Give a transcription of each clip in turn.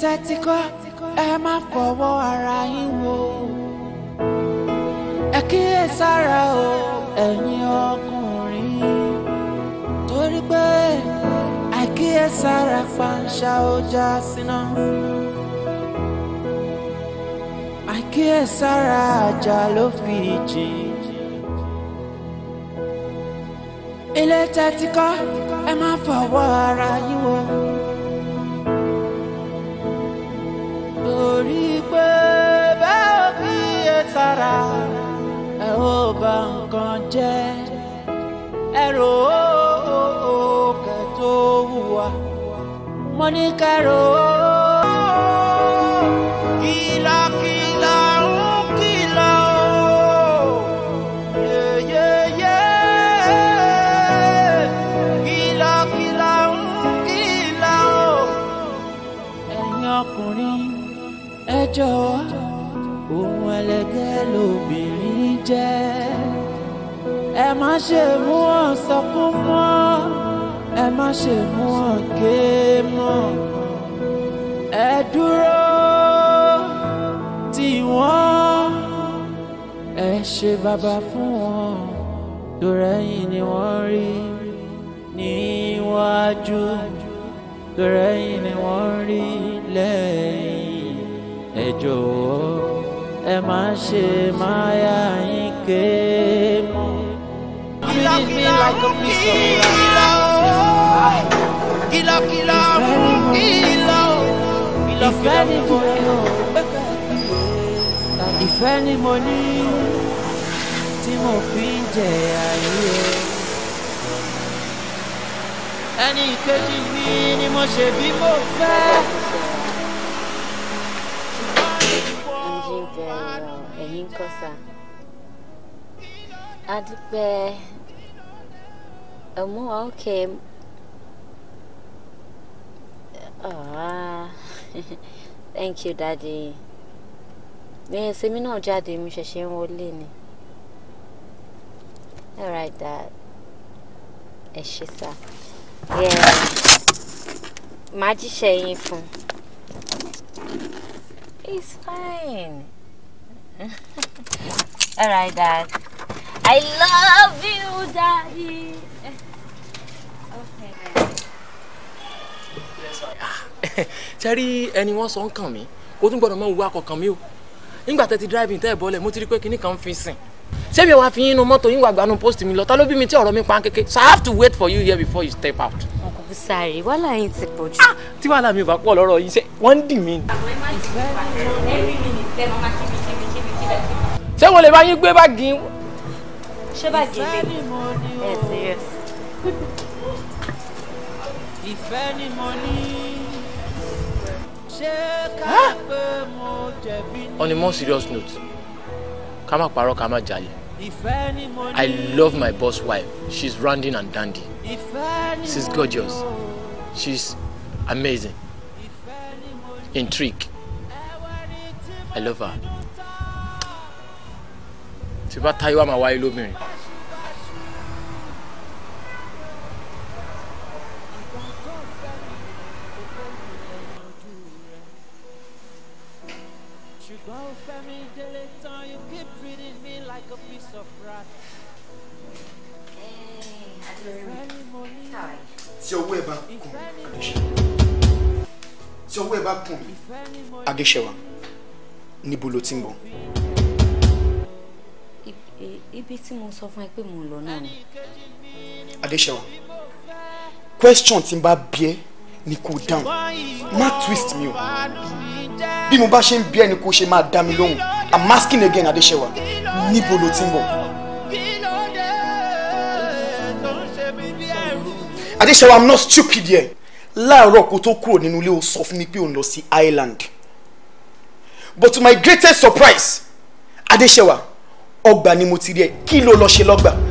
tẹ́tí kọ́ ẹ má fọwọ́ ara yín wò ẹ kíyè sára o ẹ̀yin ọkùnrin torí pé àìkíyè sára panṣá ó já síná àìkíyè sára àjà ló fi jìn ilé tẹ́tí kọ́ ẹ má fọwọ́ ara yín wò. lágbára ẹ ó bà nǹkan jẹ́ ẹ rò ó kẹ tó hùwà mo ní kẹ rò ó kìlọ̀kìlọ̀ ń kìlọ̀ ó yeyeye kìlọ̀kìlọ̀ ń kìlọ̀ ó ẹ̀yin ọkùnrin ẹ jọ̀wọ́ lóbìnrin jẹ́ ẹ má ṣe mú wọn sọkún mọ́ ẹ má ṣe mú wọn ké mọ́ ẹ dúró tì wọ́n ẹ ṣe bàbá fún wọn lórẹ́yìn ni wọ́n rí níwájú lórẹ́yìn ni wọ́n rí lẹ́yìn ẹ jọ̀wọ́ ẹ má ṣe máyà yín ké mọ́. treating me like a piece of land. Kilo, kilo, kilo, kilo, If any money, if any money, tí mo fi ń jẹ ayé. Ẹni ìkejì mi ni mo ṣe bí mo fẹ́. níbẹ̀ ẹ̀yin kọ́ sá a dúpẹ́ ẹ̀mú thank you daddy ẹ̀yìn sẹ́mi náà jáde mi ṣẹ̀ṣẹ̀ ń wọlé ni all right dad ẹ ṣe sá yeah màá jíṣẹ́ yín fún It's fine. Alright, Dad. I love you, Daddy. Okay. Cherry, ẹni wọ́n sọ ń kàn mí, kó work or mọ You kọ̀ọ̀kan mi o. driving, tẹ́ a dráìbì tẹ́ ẹ̀ bọ́lẹ̀, mo ti rí pé kinní kan fi sìn. Ṣé mi wàá post me. Lot mọ́tò yín wàá gbanú pósìtì mi lọ? Ta So I have to wait for you here before you step out. Busari wàhálà yín ti pọ̀ jù. Ah, tí wàhálà mi ò bá pọ̀ lọ́rọ̀ yìí ṣe wọ́n ń dì mí. ṣé wọ́n lè bá yín gbé báàgì ṣé báàgì yín ẹ serious. ìfẹ́ ni mo ní ṣé ká pé mo jẹ̀bi ní. on a more serious note ká má parọ́ ká má jalè I love my boss wife. She's rounding and dandy. She's gorgeous. She's amazing. Intrigue. I love her. Tí bá Táyọ̀ àmàwáyé lóbìnrin. ọwọ́ ẹ bá kàn mí. adéṣẹwà níbo ló ti ń bọ̀. ibi tí mo sọ fún ẹ pé mo ń lọ náà ni. adéṣẹwà question tí n bá bí ẹ ni kò dáhùn má twist mi o bí mo bá ṣe ń bí ẹ ni kò ṣe máa dá mi lóhùn i'm asking again adéṣẹwà níbo ló ti ń bọ̀. adéṣẹwà i'm not stupid yet láàárọ̀ kó tó kúrò nínú ilé ó sọ fún mi pé ó lọ sí island but to my greatest surprise Adéṣẹwà ọgbà ni mo ti rí ẹ kí ló lọ ṣe lọ́gbà.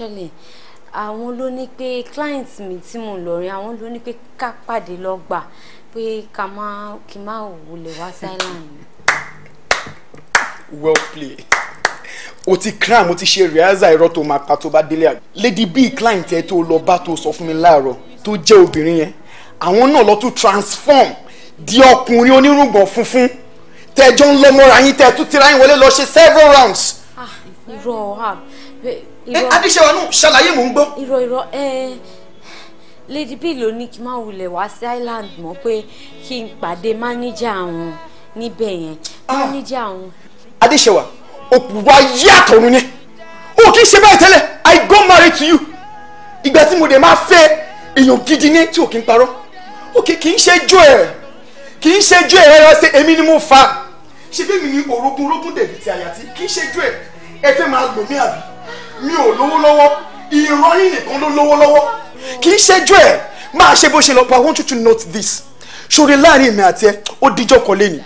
actually àwọn ló ní pé client mi tí mo lọ rí àwọn ló ní pé ká pàdé lọ́gbà pé ká má kí má wulẹ̀ wá Thailand. well played o ti cram o ti ṣe rehearsal irọ́ tó máa pa tó bá délé àgbà lady b client ẹ tó lọ bá tó sọ fún mi láàárọ̀ tó jẹ́ obìnrin yẹn àwọn náà lọ tún transform di ọkùnrin onírùngbọ̀n funfun tẹ́jọ́ ń lọ mọ́ra yín tẹ́ tún tira yín wọlé lọ ṣe several rounds. ah irọ́ ah Eh, adéṣẹ́wà nù ṣàlàyé mò ń gbọ́. irọ́ irọ́ eh, lady b ló ní kí n má wulẹ̀ wá sí island mọ́ pé kí n pàdé mánéjà àwọn níbẹ̀ yẹn ah. mánéjà àwọn. adéṣẹ́wà òpùwà yàtọ̀ ọ̀run ni o kì í ṣe báyìí tẹ́lẹ̀ i go marry to you ìgbà tí mo dẹ̀ máa fẹ́ èèyàn gidi ní tí o kì í parọ́ o kì í ṣe jó ẹ̀ kì í ṣe jó ẹ̀ rẹ̀ ṣe èmi ni mo fa ṣe bí mi ni orogún orogún dẹ̀bi ti àyàtí kì í ṣe jó ẹ̀ ẹ fẹ́ máa lò mí àbí mi ò lówó lọ́wọ́ irọ́ yìí nìkan ló lówó lọ́wọ́ kì í ṣẹ́jú ẹ̀ máa ṣe bó ṣe lọ but I want you to note this ṣòro láàrin èmi àti ẹ ó díjọ́ kan lẹ́nu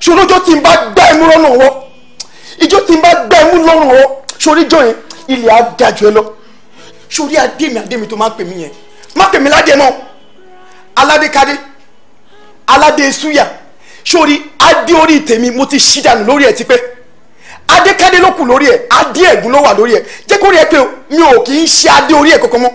ṣòro ọjọ́ tí n bá gbá ẹmú lọ́rùn ọwọ́ ìjọ tí n bá gbá ẹmú lọ́rùn ọwọ́ ṣòro ìjọ yẹn ilẹ̀ á ga jù ẹ lọ ṣòro àdémi àdémi tó máa pè mí yẹn má pè mí ládé mọ́ aládékadé aládé suya ṣòro adé orí tèmi mo ti ṣí dànù lórí ẹ̀ tipẹ́ adékádé ló kù lórí ẹ̀ adé ẹ̀gún ló wà lórí ẹ̀ jẹ́ kó rí ẹ pé mi ò kì í ṣe adé orí ẹ̀ kankan mọ́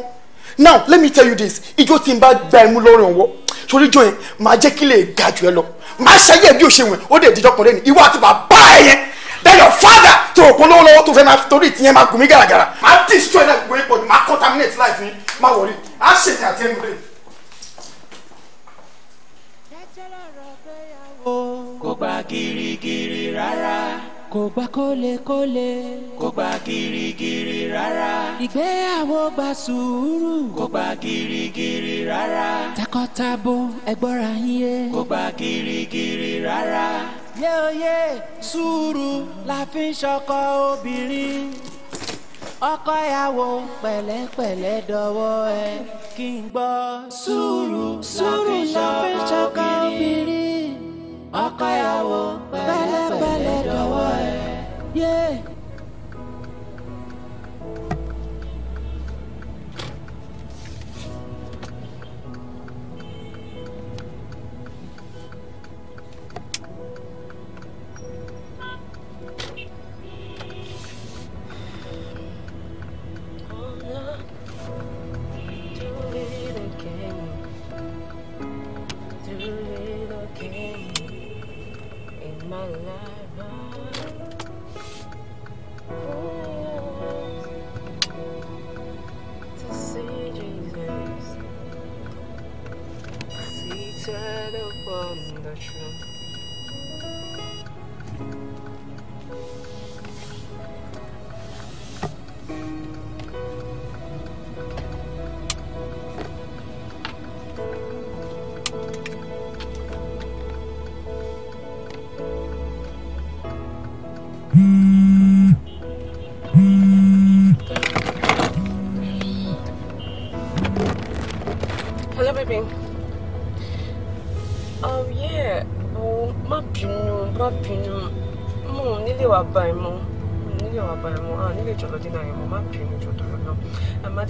now let me tell you this ijó tí n bá gba ẹmu lọ́rùn ọ̀wọ́ sórí ijó yẹn máa jẹ́ kí lè ga jù ẹ lọ máa ṣayé ẹ bí òṣè wẹ̀ ó dẹ̀ dídọ́ kan lẹ́nu ìwọ àti ẹ yẹn then your father tó o kún lọ́wọ́ lọ́wọ́ tó fẹ́ máa torí ìtìyẹn máa gùn mí gàràgàrà máa destroy that gbogbo ipò máa contaminate life yín máa wọ̀rí á ṣètì àti ẹnu lẹ́yìn. kò gba girigiri rárá kò gba kólekóle. kò gba girigiri rárá. ìgbéyàwó gba sùúrù. kò gba girigiri rárá. takọtabo ẹgbọ́ra yín yé. kò gba girigiri rárá. yé oyè sùúrù la fi ń ṣọkọ obìnrin ọkọ ìyàwó pẹ̀lẹ́pẹ̀lẹ́ dọwọ́ ẹ kí n gbọ́ sùúrù sùúrù la fi ń ṣọkọ obìnrin ọkọ ìyàwó pẹ̀lẹ́pẹ̀lẹ́ dọwọ́ ẹ̀.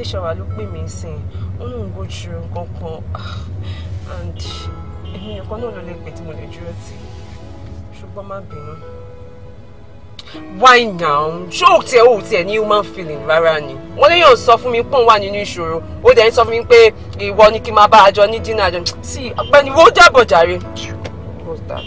Adéṣẹ́wà ló pè mí sìn ó lóun go through nǹkan kan and èmi nìkan náà ló lè pè tí mo lè dúró tì ṣùgbọ́n má bínú. why now joke tiẹ̀ ò tiẹ̀ ní human feeling rárá ni wọ́n léèyàn sọ fún mi pọ́n wà nínú ìṣòro ó dẹ̀ ń sọ fún mi pé ìwọ ni kí n máa bá a jọ ní dínà àjọ sí ọ̀gbẹ́ni wo jábọ̀ jàre. what's that?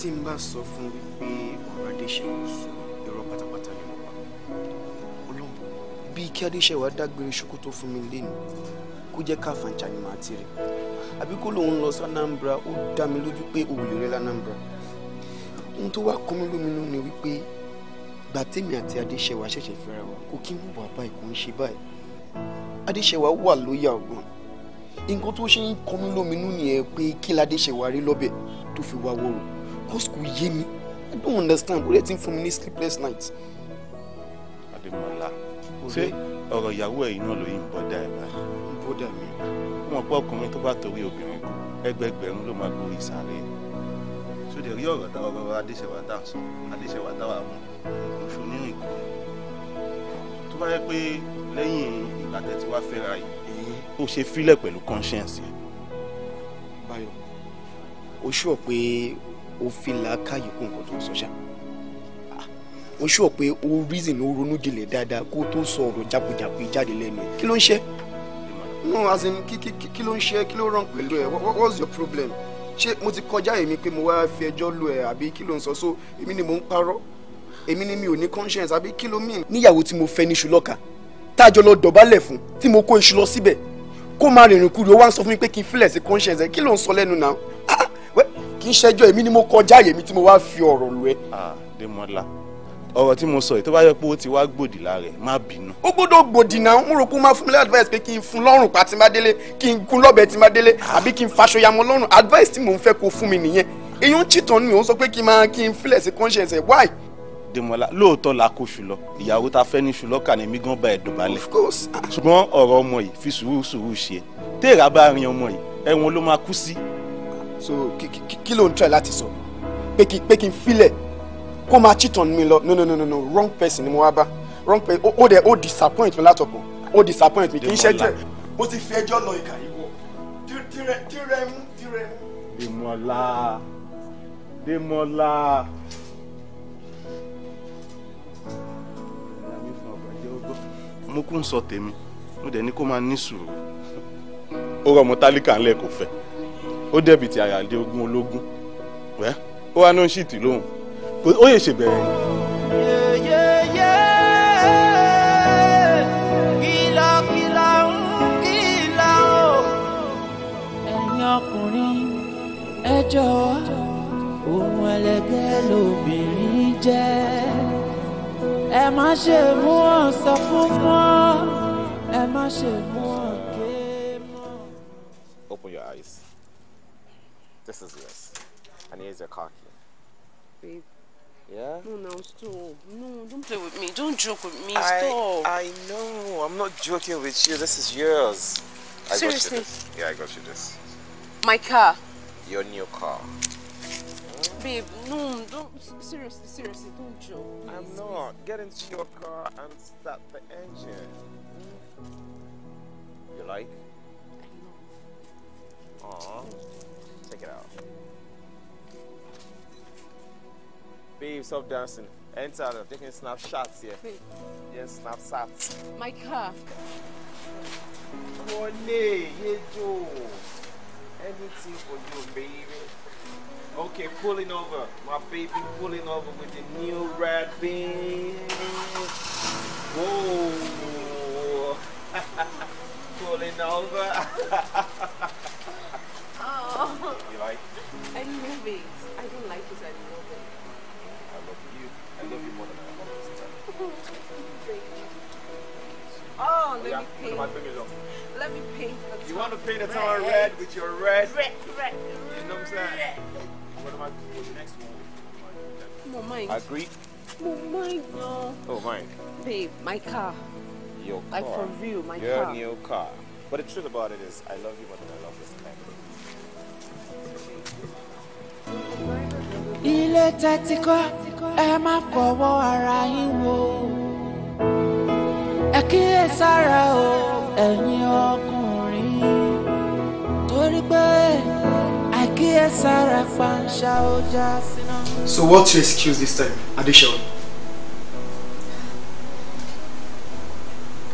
tí n bá sọ fún wí pé ọ̀rọ̀ adéṣẹ́wà sọ irọ́ pátápátá ni mo pa ọlọ́run bí kí adéṣẹ́wà dágbére ṣòkòtò fún mi lẹ́nu kó jẹ́ ká fàǹjà ni màá ti rí àbí kó lòun lọ sí ó dá mi lójú pé òwúlò rẹ lánàmbra ohun tó wá kọ́ mi lóminú ni wípé gbàtẹ́mi àti adéṣẹ́wà ṣẹ̀ṣẹ̀ fẹ́ra wa kò kí ń wà báyìí kò ń ṣe báyìí adéṣẹ́wà wà lóyà ọgbọ́n nǹkan tó ṣe ń kọ́ mi lóminú nìyẹn pé kí ládéṣẹ́wà rí lọ́bẹ̀ tó fi wá wọ́rọ̀ kó sùkú yé mi. I don't understand. Orí are ti ń fún mi ní sleepless night. Adémọ́lá, ṣé ọ̀rọ̀ ìyàwó ẹ̀yìn náà ló yí ń bọ́dà ẹ̀ báyìí? Ń bọ́dà mi. Wọ́n pọ̀ ọkùnrin tó bá torí obìnrin kù, ẹgbẹgbẹ̀rún ló máa gorí sáré. Sóde rí ọ̀rọ̀ tá ọ̀rọ̀ Adéṣẹ̀wá tá sọ, Adéṣẹ̀wá tá wà mú, oṣù nínú ìkó. Tó bá yẹ pé lẹ́yìn ìgbà tẹ̀ tí wá fẹ́ra yìí, ó ṣe fílẹ̀ pẹ̀lú conscience yẹn. Báyọ̀, o ṣùọ̀ pé ó fi làákàyè kún nǹkan tó ń sọ ṣá ah, mo ṣọ́ pé o reason o ronú jinlẹ̀ dáadáa kó tó sọ ọ̀rọ̀ jákujàku jáde lẹ́nu ẹ̀ kí ló ń ṣe no as in kí kí kí ló ń ṣe kí ló rán pẹ̀lú ẹ̀ what's your problem ṣé mo ti kọjá èmi pé mo wá fi ẹjọ́ lu ẹ̀ àbí kí ló ń sọ so èmi ni mo ń parọ́ èmi ni mi ò ní conscience àbí kí ló mean. níyàwó tí mo fẹ́ ní ṣùlọ́ka tá a jọ lọ dọ̀bálẹ̀ fún tí mo kó iṣu lọ síbẹ̀ kó máa rìnrìn kúrò ó wá ń sọ fún mi pé kí n filẹ̀ sí conscience ẹ̀ kí ló ń sọ lẹ́nu náà ah, kì í ṣẹjọ́ èmi ni mo kọjá èmi tí mo wá fi ọ̀rọ̀ lu ẹ. Adémọ́lá ọ̀rọ̀ tí mo sọ yìí tó bá yẹ pé ó ti wá gbòdì lára ẹ̀ má bínú. ó gbọ́dọ̀ gbòdì náà ń rò kó máa fún mi advice pé kí n fún lọ́rùn pa tí má délé kí n gún lọ́bẹ tí má délé àbí kí n faṣọ yamọ́ lọ́rùn advice tí mò ń fẹ́ kó fún mi nìyẹn èyí ń chìtàn ni òun sọ pé kí n máa kí n filẹ̀ sí conscience ẹ̀ why. Demola lóòótọ́ la kó ṣùlọ ìyàwó ta fẹ́ ní ṣùlọ kà ní mígán bá ẹ̀ dọ̀bálẹ̀ ṣùgbọ́n ọ̀rọ̀ ọmọ yìí fi sùúrù sùúrù ṣe téèrà bá rin ọmọ yìí ẹ̀wọ̀n ló máa kú sí so kí ló ń try láti sọ pé kí pé kí n filẹ̀ kó máa cheat on mi lọ no no no no no wrong person ni mo wá bá wrong person ó dẹ̀ ó disappoint mi látọ̀kọ̀ ó disappoint mi kì í ṣe jẹ́ mo ti fi ẹjọ́ lọ ìkà yìí wọ̀ tirẹ̀ tirẹ̀ mú tirẹ̀ mú. Dèmọ́lá Dèmọ́lá. mo kún sọ tèmi mo dẹ̀ ní kó máa ní sùúrù ó rọ ọmọ tálíkà ńlẹ̀ kò fẹ́ ó dẹ̀bi ti àyàndé ogún ológun wẹ́ ó wá náà ṣìtì lóhùn ó yè ṣèbẹ̀rẹ̀ ni. ọkùnrin ẹ lobìnrin jẹ́ ẹ má ṣe mú ọ̀sán fún mọ́ ẹ má ṣe mú. This is yours. And here's your car key. Babe. Yeah? No, no, stop. No, don't play with me. Don't joke with me. stop. I know. I'm not joking with you. This is yours. I Seriously? Got you this. Yeah, I got you this. My car. Your new car. Babe, no, don't. Seriously, seriously, don't joke. Please. I'm not. Get into your car and start the engine. You like? I love. Aww it out. Babe, stop dancing. Enter, I'm taking snapshots here. Wait. Yes, snapshots. My car. Wale, Yejo. Anything for you, baby. Okay, pulling over. My baby pulling over with the new red bean. Whoa. pulling over. Oh, let yeah, me paint. Let me paint the top. You want to paint the town red. red with your red? Red, red, You know what I'm saying? Red. What am I doing with the next one? No, mine. Agreed? No, my no. Oh, my! Babe, my car. Your car? Like, for real, my your car. Your new car. But the truth about it is, I love you more than I love this man. ilé tẹ́tí kọ́ ẹ má ẹ kíyèsára o ẹ̀yin ọkùnrin torí pé àìkíyèsára panṣá ó já So what's your excuse this time, Adeseun?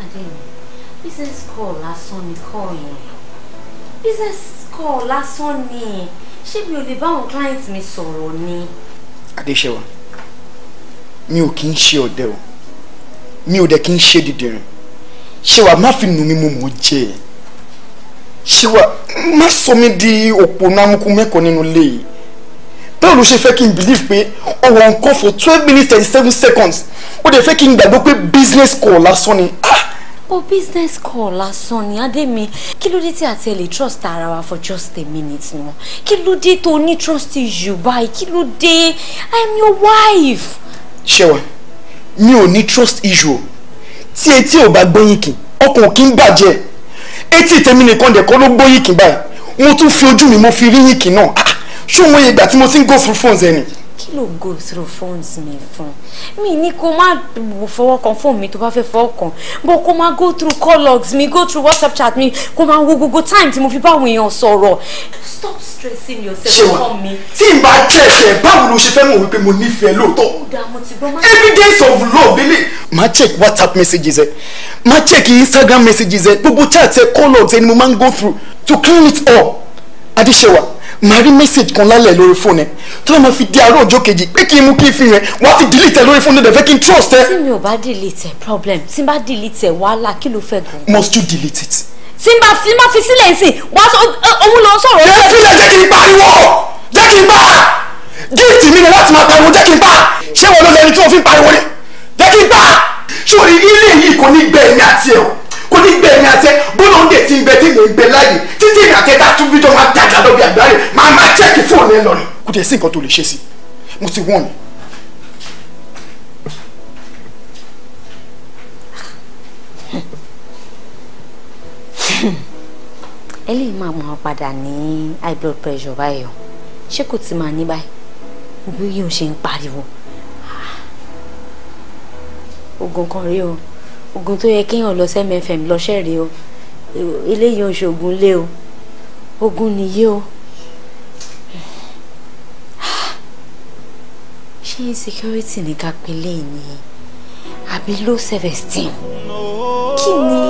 Adeyemi, business call lásán ni call yẹn. Business call lásán ni. Ṣé mi ò lè bá àwọn clients mi sọ̀rọ̀ ni? Adeseun, mi ò kí ń ṣe ọ̀dẹ̀ o mi ò dẹ̀ kí n ṣe dìdìrín ṣé wàá má fi nù mí mo mọ̀ ọ́ jẹ́ ẹ̀ ṣé wàá má sọ mí di òpònú amúkú mẹ́kọ̀ọ́ nínú ilé yìí báwo ló ṣe fẹ́ kí n believe pé ọ̀rọ̀ nǹkan for twelve minutes thirty seven seconds ó dẹ̀ fẹ́ kí n gbàgbọ́ pé business call lásán ni. Ah! o business call lásán ni ademi kí ló dé tí àti ẹ lè trust ara wa for just a minute wọn kí ló dé tó ní trust you báyìí kí ló dé i'm your wife. ṣé wàá mi ò ní trust issue tí etí ò bá gbóyin kì ọkàn ò kí ń bàjẹ́ etí tèmi nìkan dẹ̀ kọ́ ló gbóyin kì báyìí mo tún fi ojú mi mo fi rí yín kì náà ah, ṣùgbọ́n ìgbà tí mo ti ń go through phones ẹni kí ló go through phones mi fún mi ní kó má fọwọ́ kan fóònù mi tó bá fẹ́ fọwọ́ kan bó kó má go through call logs mi go through whatsapp chat mi kó má wo gbogbo time tí mo fi bá àwọn èèyàn sọ̀rọ̀. stop stressing yourself fún mi. tí n bá jẹ́ ẹ̀fẹ̀ báwo ló ṣe fẹ́ mọ̀ wípé mo nífẹ̀ẹ́ lóòótọ́. evidence of love lele. máa check whatsapp messages ẹ máa check instagram messages ẹ gbogbo chat ẹ call logs ẹ ni mo máa ń go through to clean it all. Adéṣewà màá rí mẹ́sàgì kan lálẹ́ lórí fóònù ẹ tó lọ́ọ́ máa fi di àárọ̀ ọjọ́ kejì pé kí n mú kí n fi yẹn wọ́n ti delete ẹ lórí fóònù ẹ fẹ́ kí n trust ẹ. tí mi ò bá delete ẹ problem tí n bá delete ẹ wàhálà kí ló fẹ́ gan. must you delete it. tí n bá fi má fi sílẹ̀ sí wá òun lọ sọ̀rọ̀. jẹ́ sílẹ̀ jẹ́ kí n pariwo jẹ́ kí n pa gift mi ni láti máa pariwo jẹ́ kí n pa ṣé wọn ló lẹni tí wọ́n fi pariwo ni jẹ́ kí n pa ṣòrí ilé yìí kò ní gbẹ̀mí àti ẹ̀ ní gbẹ̀mí àtẹ bọ́lá ń dè ti ń bẹ tí mi ń gbẹ láàyè títí ìrìn àtẹ dátú bí jọ máa dàgbà lọ́bì àgbáre máa máa chẹ́ẹ̀kì fóònù ẹ lọ ni. kò dẹ̀ sí nǹkan tó lè ṣe sí mo ti wọ́n ni. eléyìí máa mọ̀ padà ní high blood pressure báyìí o ṣé kò ti máa ní báyìí bí yóò ṣe ń pariwo ah. oògùn kan rí o oògùn tó yẹ kéèyàn lọ sẹ́mẹ̀fẹ̀m lọ́sẹ̀ rèé o eléyìí ò ṣoògùn lé o oògùn nìyí o ṣé insecurity ní ká pe léyìí ni àbí low self esteem kí ni.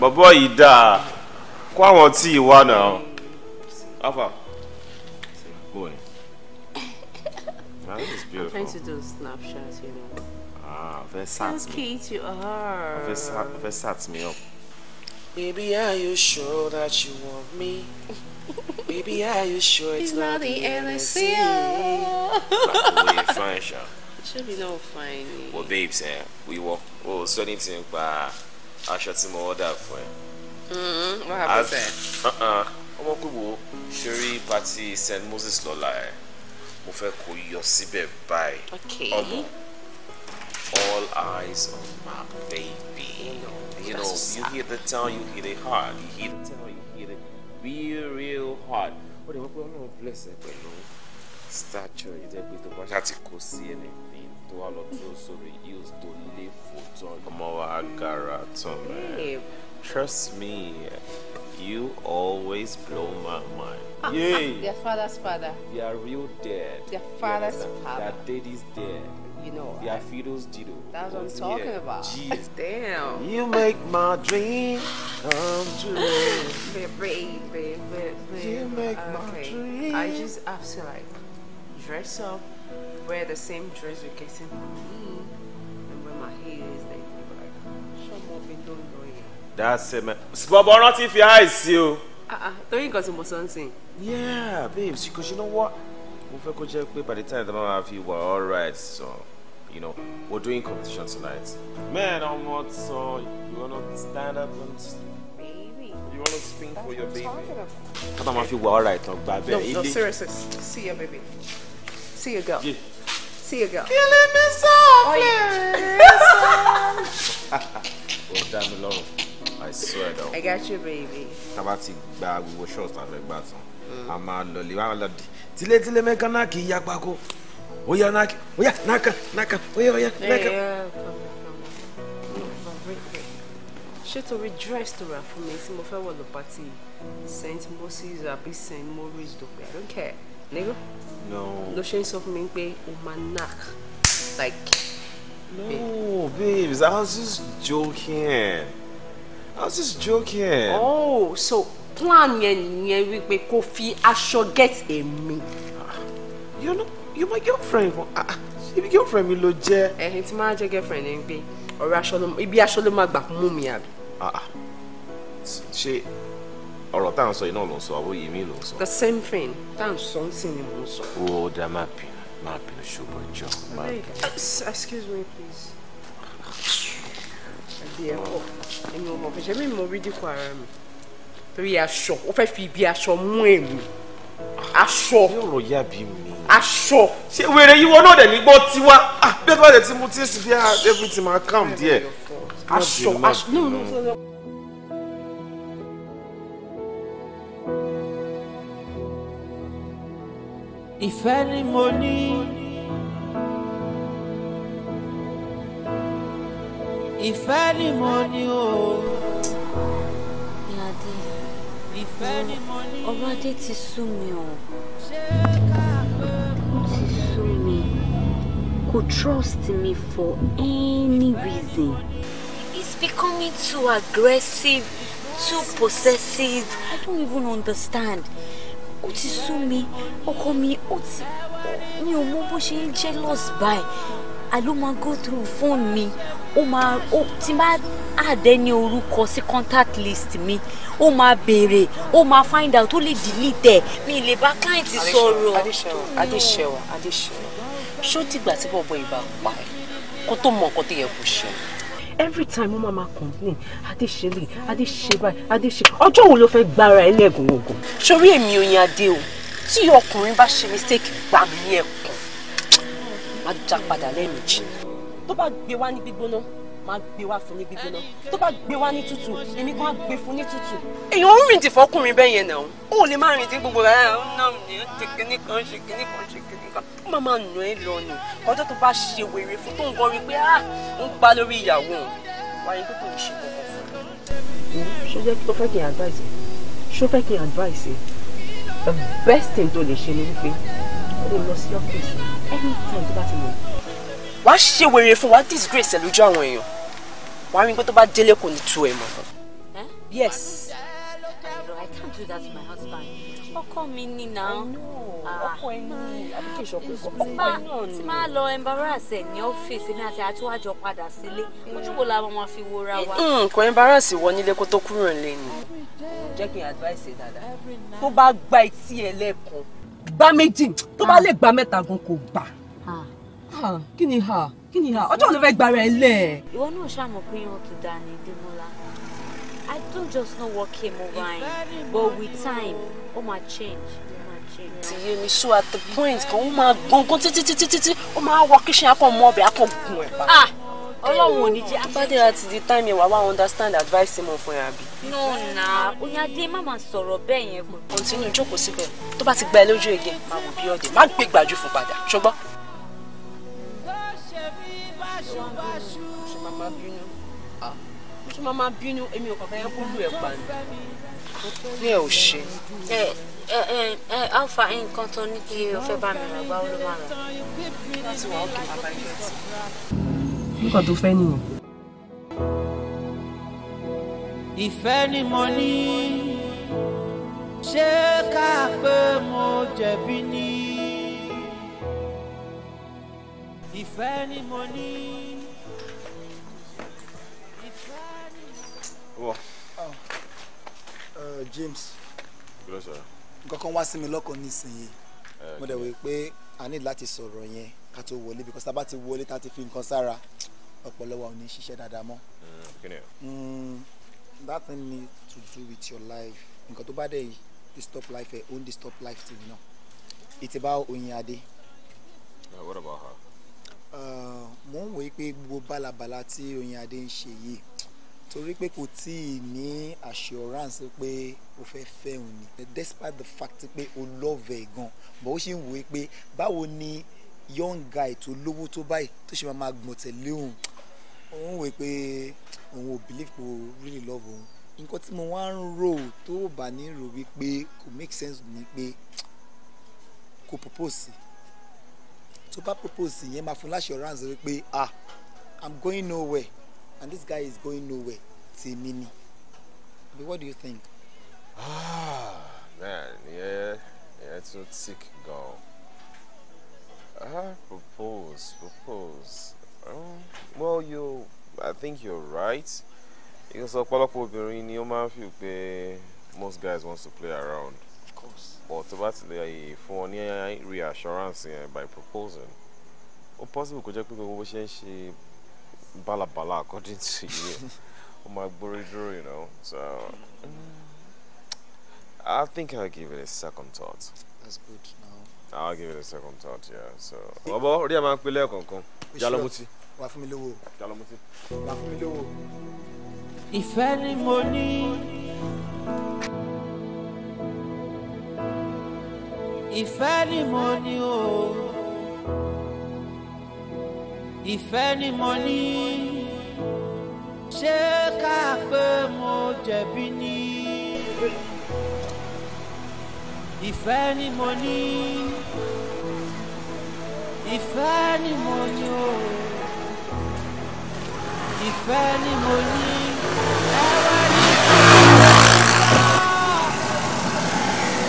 bọ̀bọ̀ yìí da, kó àwọn tí ì wá náà. Alpha. Boy. That is this is beautiful. I'm trying to do snapshots, you know. Ah, that's How cute you are. Very sad, me up. Baby, are you sure that you want me? Baby, are you sure it's, not, not the LSC? Like, we're fine, Sha. It should be no fine. Well, babes, eh, we were, we were studying to, uh, aṣọ tí mo order fún ẹ. Mm-hmm. what happened there. Uh-uh. ọmọ pé wo ṣeré pati st moses lọ́la ẹ̀ mo fẹ́ kó yọ síbẹ̀ báyìí ọmọ all eyes on my baby you know you hear the town you hear the heart, you hear the town you hear the real real hard ó dẹ̀ wọ́n pé ọlọ́run bless ẹ pẹ̀lú stature ìdẹ́gbẹ́ tó bá ṣáà ti kó sí ẹni. tó all of those who heels tó live for tán trust me you always blow my mind. Ah, Yay. Ah, their father's father. They are real dead. Their father's yeah, father. Their daddy's dead. You know. Their fiddles, dido. That's what I'm talking yeah. about. Jeez. Damn. You make my dream come true. baby, baby, baby. You make okay. my dream. I just have to like dress up wear the same dress you're getting from me, and when my hair is like, ṣọ́ mo fi tó ń lọ yẹn. That's it, man. not rántí your eyes you. o. Torí ah, ah, don't you got sọ ń Yeah, babes, because you know what? Mo fẹ́ kó by the time the mama were all right. so you know we're doing competition tonight. Man, I'm not so you wanna stand up and. Baby. You wanna spin for your baby. I máa fi wà alright tán gba abẹ́ baby. No, no, seriously, see your baby. See you go. Yeah. See you go. Killing me softly. Oh, damn mi lọ́rùn. I swear down. I got you baby. Tá a bá ti gba gbogbo ṣọ́ọ̀sì tá a fẹ́ gbà tán. Mm. A máa lọ lè wá lọ dì. Tilétilé mẹ́kánáàkì yá pákó. Oya naka, Yeah, naka, naka, oya oya naka. Ṣé torí dress tó rà fún mi tí mo fẹ́ wọ̀ lọ pàtì Saint Moses àbí Saint Maurice I don't care nigga. No. Lo ṣe ń sọ fún mi like. No, babes, I was just joking. I was just joking. Oh, so plan yẹn nìyẹn wípé kó fi aṣọ get me. You're not, you're my girlfriend. Ah, ah, ibi girlfriend mi ló jẹ́. Eh, it's my jẹ́ girlfriend ni pé ọ̀rẹ́ aṣọ ló ibi aṣọ ló máa gbà fún Ah, mi ah. àbí ọ̀rọ̀ tá à ń sọ yìí ló ń sọ àbóyè mi ló ń sọ. the same thing tá à ń sọ ń sìn ni mò ń sọ. ó dá má bínú má bínú ṣùgbọ́n jọ uh, excuse me please. ẹbí ẹ kọ èmi ò mọ fẹsẹ mi mo rí dípò ara mi torí aṣọ ó fẹ́ fi ibi aṣọ mú èmi aṣọ. ṣé ọ̀rọ̀ yà bí mi. aṣọ. ṣé wèrè yìí wọn náà dẹ̀ ní gbọ́ tiwa ah, bí ẹ bá dẹ̀ ti mu tí ẹ sì fi everything ma calm díẹ̀. aṣọ aṣọ no no. ìfẹ́ ni mo ní. ìfẹ́ ni mo ní o. ìyáde ìfẹ́ ni mo ní. ọ̀rọ̀ adé ti sú mi o. ó ti sú mi kò trust me for any reason. he's becoming too aggressive too possessive i don't even understand kò ti sú mi ọkọ mi ó ti mi ò mọ bó ṣe ń jealous báyìí àló go through phone mi ó máa ó ti máa àdé ní orúkọ sí contact list mi ó máa béèrè ó máa find out ó lè delete ẹ mi lè bá client sọ̀rọ̀. adéṣẹwà adéṣẹwà adéṣẹwà ṣó dìgbà tí bọ̀bọ̀ ìbá pa ẹ́ kó tó mọ nǹkan tó yẹ kó ṣe every time ó máa ma complain adéṣelé adéṣebá adéṣe ọjọ́ wo ló fẹ́ gbára ẹlẹ́gùn ogun. sórí èmi oyin adé o tí ọkùnrin bá ṣe mistake gbà mí ní ẹkùn má já padà lẹ́ẹ̀mejì tó bá gbé wá ní gbígbóná máa gbé wá fún ní gbígbóná tó bá gbé wá ní tútù èmi kan á gbé fún ní tútù. èèyàn ń rìn tì fọkùnrin bẹ́ẹ̀ yẹn náà ó lè má rìn tì gbogbo rẹ̀ náà ní kíní kan ṣe kíní kan ṣe kíní nǹkan ó máa máa nù ẹ́ lọ ni ọjọ́ tó bá ṣe wèrè fún tó ń gan pé á ah, ń gbá lórí ìyàwó wáyé pé kò ní ṣe kankan fún un. ṣé jẹ́ tó fẹ́ kí n advice ṣó fẹ́ kí n advice the best thing tó lè ṣe ni wípé kó lọ sí ọ́fíìsì anytime tó bá ti mọ̀. wá ṣe wèrè fún wa disgrace ẹ̀ lójú àwọn èèyàn wàá rí i pé tó bá délé kò ní tu ẹ̀ mọ́. yes. I can't do that to my husband ọkọ mi ni na. Ah. ọkọ ẹni àbíkè ìṣọpẹ ọkọ ẹni náà ni. tí máa lọ embarrass ẹ ní ọ́fíìsì ní àti àtúwájọ padà sílé ojú wo la wọn fi wora wa. nǹkan mm, mm, embarrass wọ nílé kó tó kúrò nílé ni. jẹ́ kí n advice ẹ dáadáa tó bá gba etí ẹ lẹ́ẹ̀kan gbá méjì tó bá ah. lè gba mẹ́ta gan kò gbà kí ni ha kí ni ha ọjọ́ ló fẹ́ gbára ẹ lẹ̀. ìwọ náà ṣàmọ̀ pé irun kìdá ni dèmọ́lá I don't just know what came over him, but with time, ó máa change. Tìyẹ mi so at the point kan ó máa gbọ̀ngàn títí títí títí ó máa wọ kíṣìn akọ mọ ọbẹ̀ akọ gùn ẹ̀ pa. Ah! Ọlọ́run ò ní jẹ́ abáde láti di time yẹn wà wá understand advice mọ̀ fún yàrá bí. No na Oyade má máa sọ̀rọ̀ bẹ́ẹ̀ yẹn kò. Continue jókòó síbẹ̀ tó bá ti gba ẹ lójú ege máa wò bí ọ̀dẹ̀ má gbé gbàjú fún padà ṣùgbọ́n. Ṣé máa bínú? ṣe máa máa bínú èmi ò kàn fẹ́ kó lù ẹ̀ pa ni. mi ò ṣe. ẹ ẹ ẹ alfa nǹkan tó ní kí o bá mi rà gbá ló máa rà. nǹkan tó fẹ́ nìyẹn. ìfẹ́ ni mo ní ṣé ká pé mo jẹ̀bi ni ìfẹ́ ni mo ní wọ. Ah, uh, James kankan wá sí mi lọ́kàn nísìnyìí eh, mo dẹ̀ wí pé a ní láti sọ̀rọ̀ yẹn ká tó wọlé because tá a bá ti wọlé tá a ti fi nǹkan sára ọpọlọ ò ní ṣiṣẹ́ dáadáa mọ́. Hmm, hmm, that thing need to do with your life nǹkan tó bá dẹ̀ disturb life ẹ̀ own disturb life ti yàn it's about Oyinade. Uh, what about her? Ah, mo ń wòye pé gbogbo bálabàla tí Oyinade ń ṣe yìí torí pé kò tí ì ní assurance pé o fẹ́ fẹ́ òun ni despite the fact pé o love ẹ̀ gan but ó sì ń wòye pé báwo ni young guy tó lówó tó báyìí tó ṣe máa gbọ̀n tẹ̀lé òun òun wòye pé òun ò believe kò really love òun nǹkan tí mo wá ń rò tó bá ní rò wípé kò make sense ni pé kò propose tó bá propose yẹn máa fún láṣọ ránṣẹ́ wípé ah i'm going nowhere and this guy is going nowhere tèmi ni but what do you think. ah man yeah, ìyẹn a sick girl. ah propose propose um, well you I think you're right because ọ̀pọ̀lọpọ̀ obìnrin ni ó máa ń fi pé most guys want to play around but tó bá ti lè eh, fún ọ ní reassurance yẹn by proposing ó possible kó jẹ́ pé gbogbo bó ṣe ń ṣe bala bala according to you. on my burrito, you know. So I think I'll give it a second thought. That's good now. I'll give it a second thought, yeah. So Obo, ori ama npe lekan Wá fún mi lówó. Wá fún mi lówó. ìfẹ́ ni mo ní ṣé ká pé mo jẹ̀bi ní. ìfẹ́ ni mo ní ìfẹ́ ni mo ní o ìfẹ́ ni mo ní ẹ̀rọ ní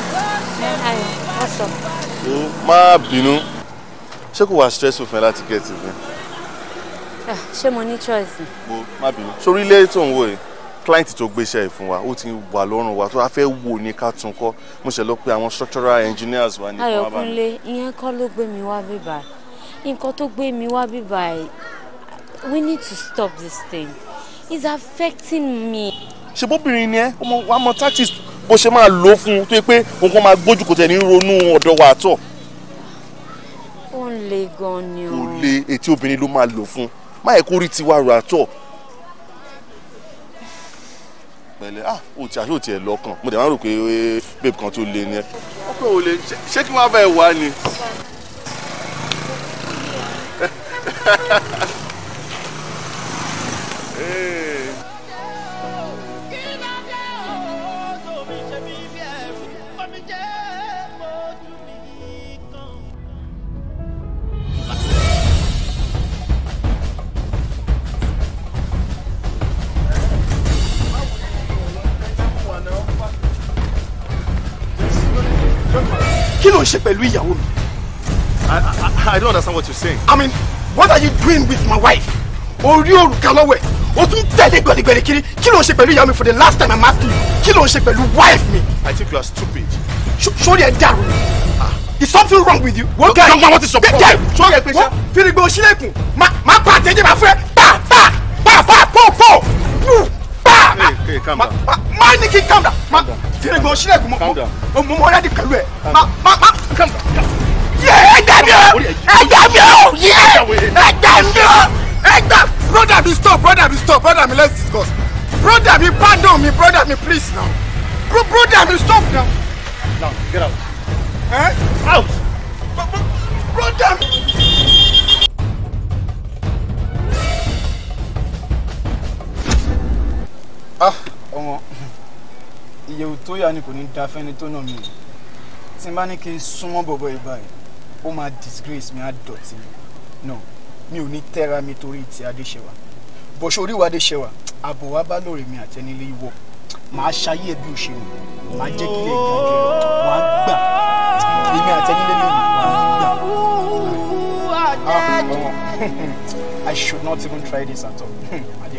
ìfẹ́ ni mo ní. má bínú ṣé kò wá stressful fún ẹ láti get it Ah, ṣé mo ní choice. mo má bínú sórí ilé tó ń wò yìí client tó gbéṣẹ́ yìí fún wa ó ti wà lọ́rùn wa tó a fẹ́ wò ní ká tún kọ́ mo ṣe lọ pé àwọn structural engineers wa ní. Ayọ̀kúnlé ìyẹn kọ́ ló gbé mi wá bíbá nǹkan tó gbé mi wá bíbá we need to stop this thing it's affecting me. ṣebóbìnrin ni ẹ ọmọ wa mọ tactics bó ṣe máa lò ó fún un tó yẹ pé òun kàn máa gbójú kò tẹ̀ ní ronú ọ̀dọ̀ wa àtọ̀. ó ń le gan ni o. kò le etí obìnrin ló máa lò fún un má yẹ kó rí tiwa rà tọ̀ pẹ̀lẹ́ ah o ti àṣọ tiẹ̀ lọ́kàn mo dẹ̀ máa ń rò pé eh, babe kan tó le ni ẹ. ọkọ ò lè ṣé kí wọn bá ẹ wá ni. ee. Eh. kí ló ń ṣe pẹ̀lú ìyàwó mi. I I don't understand what you're saying. I mean, what are you doing with my wife? Orí òrùka lọ́wọ́ ẹ̀, o tún tẹ̀lé gbẹ̀dẹ̀gbẹ̀dẹ̀ kiri. Kí ló ń ṣe pẹ̀lú ìyàwó mi for the last time I'm asking you? Kí ló ń ṣe pẹ̀lú wife mi? I think you are stupid. Sori ẹ̀ dàrú. Ah. Is something wrong with you? Wọ́n gà yín. Wọ́n ti sọ fún mi. Sori ẹ̀ pé ṣe. Fìrìgbò sílẹ̀kùn, máa pa àtẹ̀jẹ̀ máa fẹ́. Pa pa pa pa po po okay, calm down. Ma, ma, ma, Nikki, calm down. Ma, Tere go shile kumo. Calm down. Mo mo already kalu e. Ma, ma, ma, calm down. Yeah, I damn you. I damn you. Yeah, I damn you. I damn. Brother, be stop. Brother, be stop. Brother, me let's discuss. Brother, me pardon me. Brother, me please now. Bro, brother, be stop now. Now, get out. Eh? Out. Brother. Ah, ọmọ ìyẹ̀wò tó yà ni kò ní da fẹ́ni tó nà mí o tí n bá ní kí n súnmọ́ bọ̀bọ̀ yìí báyìí ó máa disgrace mi á dọ̀tí mi mi ò ní tẹ́ra mi torí ti adéṣẹwà bọ̀ṣọ oríwà adéṣẹwà àbò wa bá lóore mi àtẹnilé wọ̀ màá ṣayé ẹ̀ bí màá jẹ́ kí lè wàá gbà èmi àtẹnilé mi wàá gbà. Ah, I should not even try this at all.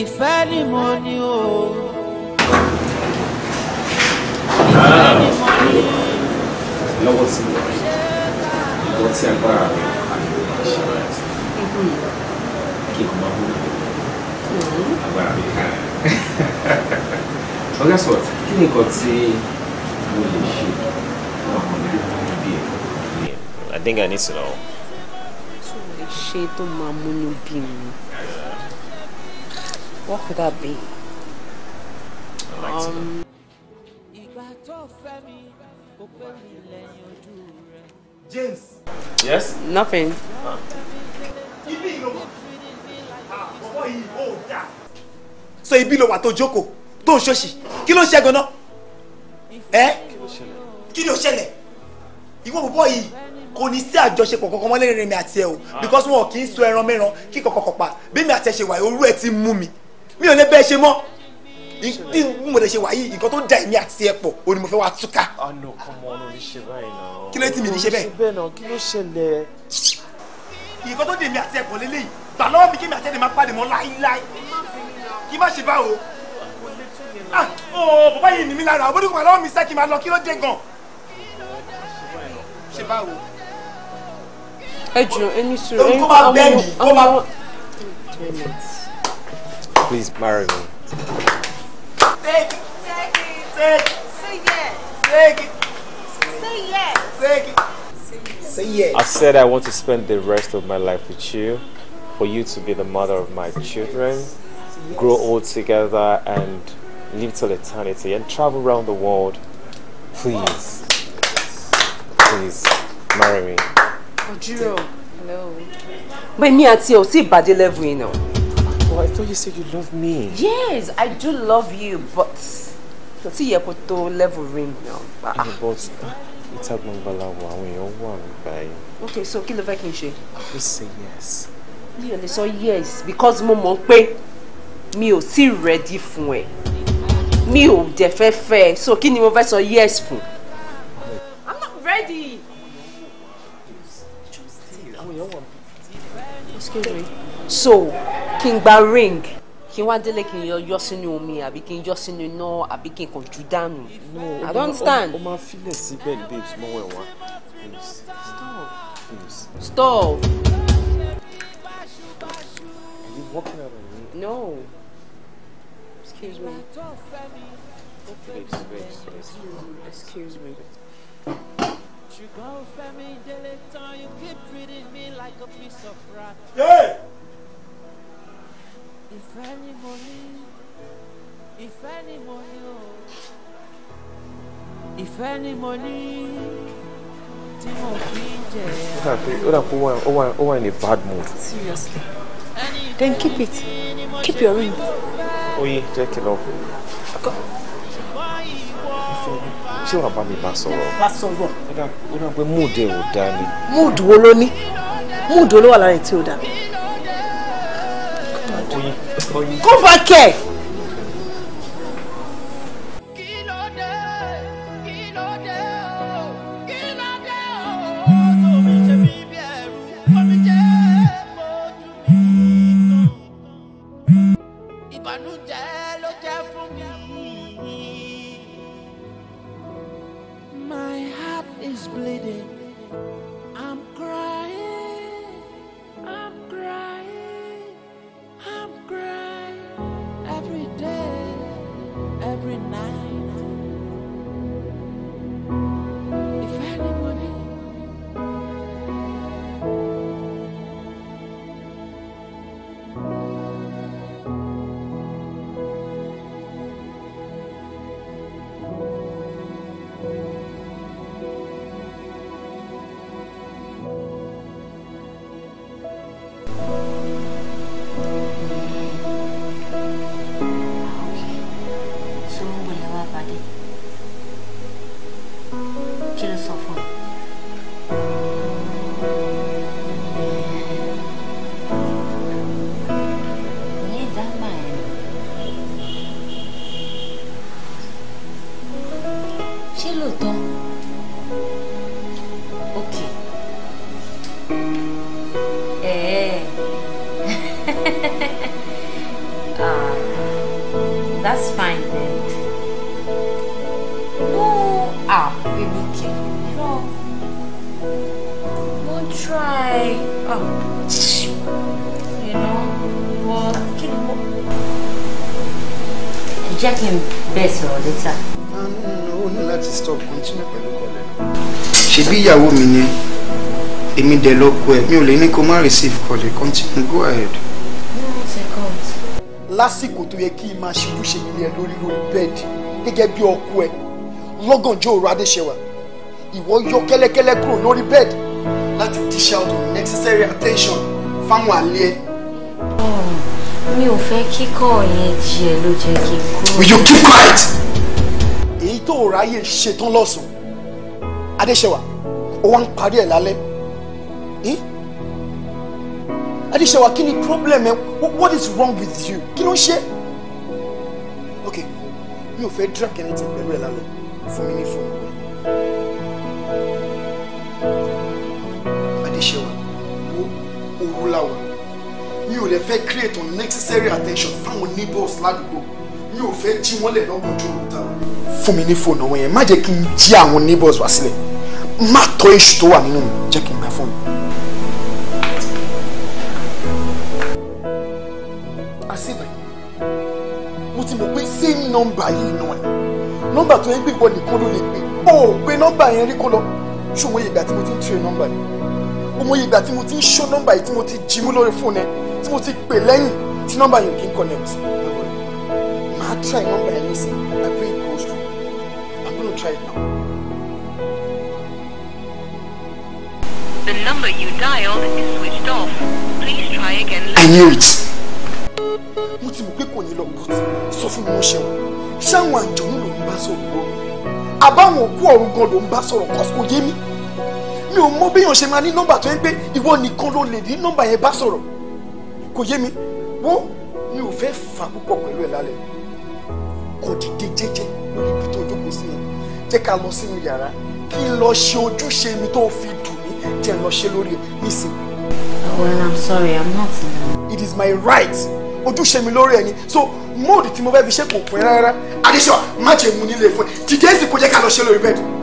ìfẹ́ ni mo ní o. ìfẹ́ ni mo ní. lọ́wọ́ sí mi ìwọ tí agbára rẹ̀ àti ìṣe rẹ̀ kí n máa wúlò agbára mi ká. ọ̀gá sọ̀rọ̀ kí ni nǹkan tí mo lè ṣe ọmọ mi níbi ẹ̀. I think I need to know. tó lè ṣe tó máa múnú bí mi. What could that be? Um, James. Yes? Nothing. Huh. Ah, ah, so ibi be wà tó joko. Don't show she. kí ló ń ṣe gan-an? Eh? Ẹ́ kí ló ṣẹlẹ̀? boy, bọ̀bọ̀ yìí kò ní sí ah. because we kì í so ẹran mẹ́ran kí kọ̀kọ̀kọ̀ pa bí mi àti ẹ ṣe wà orú mi ò lè bẹ́ẹ̀ ṣe mọ́ bí mo lè ṣe wáyé nǹkan tó da èmi àti ẹ pọ̀ o ni mo fẹ́ wá túká. àná kan mọ ọ́nà mi ṣe báyìí náà. kí ló ti mi ní ṣe bẹ́ẹ̀. ṣe bẹ́ẹ̀ náà kí ló ṣẹlẹ̀. nǹkan tó dè mí àti ẹ pọ̀ lélẹ́yìí gbà lọ́wọ́ mi kí mi àti ẹ lè máa pàdé mọ́ láíláí kí má ṣe báwo. ah ooo bàbá yìí ní mi lára òbí dùnkùn àlọ́ mi sẹ́ kí n máa lọ kí ló dé gan. ṣe báwo. ẹ jù ẹni sùn ẹni kọ́ ọmọ ọmọ Please marry me. Take it, take it, take it. Say yes. Say yes. Say yes. I said I want to spend the rest of my life with you, for you to be the mother of my children, grow old together, and live till eternity, and travel around the world. Please, please, marry me. Ojuro, no. me àti ẹ ò tí ì bàdé level yìí Oh, I thought you said you love me. Yes, I do love you, but tí yẹ kó tó level ring now. Yeah, but it's gbangba la wà àwọn èèyàn wà nígbà Okay, so kí ló fẹ́ kí n ṣe? I will say yes. Yeah, ò lè yes because mo pay me. mi ò ready for ẹ. Mi ò dẹ̀ fẹ́ fẹ́ so kí ni mo fẹ́ sọ yes fún? I'm not ready. Excuse me so kí n gba ring kí n wá délé kí n yọ yọ sínú omi àbí kí n yọ sínú iná àbí kí n kàn jù dànù. no i don't understand. o máa filẹ̀ síbẹ̀ babes mo wẹ̀ wá. stop. Please. stop. no excuse me. excuse me. Excuse me like Yeah ìfẹ́ ni mo ní ìfẹ́ ni mo ní o ìfẹ́ ni mo ní tí mo fi ń jẹ. ó dà pé ó dà pé ó wà in a bad mood. seriously then keep it keep your ring. oye jẹ́ kí lọ. ṣé wàá bá mi bá sọ̀rọ̀. bá sọ̀rọ̀. ó dà pé mood ẹ̀ ò dá ni. mood wo ló ní mood wo ló wà lára ẹ̀ tí ò dá. Como é que é? dẹ̀ lọ gbọ́ mi ò lè ní kó má receive call ẹ̀ continue go ahead. lásìkò tó yẹ kí n máa ṣojúṣe mi ẹ lórí lórí bẹ́ẹ̀dì gẹ́gẹ́ bí ọkọ ẹ lọ́gànjọ́ òru adéṣẹwà ìwọ yọ kẹ́lẹ́kẹ́lẹ́ kúrò lórí bẹ́ẹ̀dì láti dish out unnecessary attention fáwọn àlẹ́ mi ò fẹ́ kíkọ́ yẹn jẹ ló jẹ́ kí n kúrò. will you keep quiet. èyí tó ráyè ṣetán lọ́sàn-án ó wá ń parí ẹ̀ lálẹ́ Adéṣẹ́wà kí ni problem ẹ eh? what is wrong with you kí ló ń ṣe. ok mi ò fẹ́ drag anything pẹ̀lú ẹ̀ lálẹ́ fún mi ní fóònù rẹ̀. Adéṣẹ́wà wo òru la wà mi ò lè fẹ́ create unnecessary attention fáwọn neighbors ládùúgbò mi ò fẹ́ jí wọ́n lẹ̀ lọ́gbọ̀n ojú òru ta. fún mi ní fóònù àwọn yẹn má jẹ́ kí n jí àwọn neighbors wá sílẹ̀ má tọ́ èṣù tó wà nínú mi jẹ́ kí n gbà fóònù. nọ́mbà yìí nù ẹ̀ nọ́mbà tó yẹ pé ìwọ nìkan ló lè pè ó pé nọ́mbà yẹn rí kó lọ ṣùgbọ́n ìgbà tí mo ti ń tire nọ́mbà yìí ọmọ ìgbà tí mo ti ń ṣó nọ́mbà yìí tí mo ti jí mú lórí fóònù ẹ tí mo ti pè lẹ́yìn tí nọ́mbà yìí kì í connect máa try nọ́mbà yẹn nísìn I pray it goes through I'm gonna try it now. The number you dialed is switched off. Please try again later. I knew it mo ti mọ̀ pé kò ní lọ but sọ fún mi wọ́n ṣe wọ́n ṣáwọn àjọyún ló ń bá sọ̀rọ̀ àbáwọn òkú ọ̀run gan ló ń bá sọ̀rọ̀ kọ́sì kò yé mi mi ò mọ béèyàn ṣe máa ní nọ́mbà tó yẹ pé ìwọ nìkan ló lè ní nọ́mbà yẹn bá sọ̀rọ̀ kò yé mi wọ́n mi ò fẹ́ fà púpọ̀ pẹ̀lú ẹ̀ lálẹ́ kò dìde jẹ́jẹ́ lórí ibi tó jókòó sí yẹn jẹ́ ká lọ sínú yàrá kí n lọ ṣe ojúṣe mi tó fi dùn mí jẹ́ n lọ ṣe lórí ẹ̀ nísìnyí. Well, I'm sorry, I'm not. It is my right ojúṣe mi lórí ẹni so mood tí mo fẹ́ fi ṣe kò pín rárá adéṣọ́ má jẹ́ mu nílé fún ẹ tìjẹ́sì kò jẹ́ ká lọ ṣe lórí bẹ́ẹ̀dì.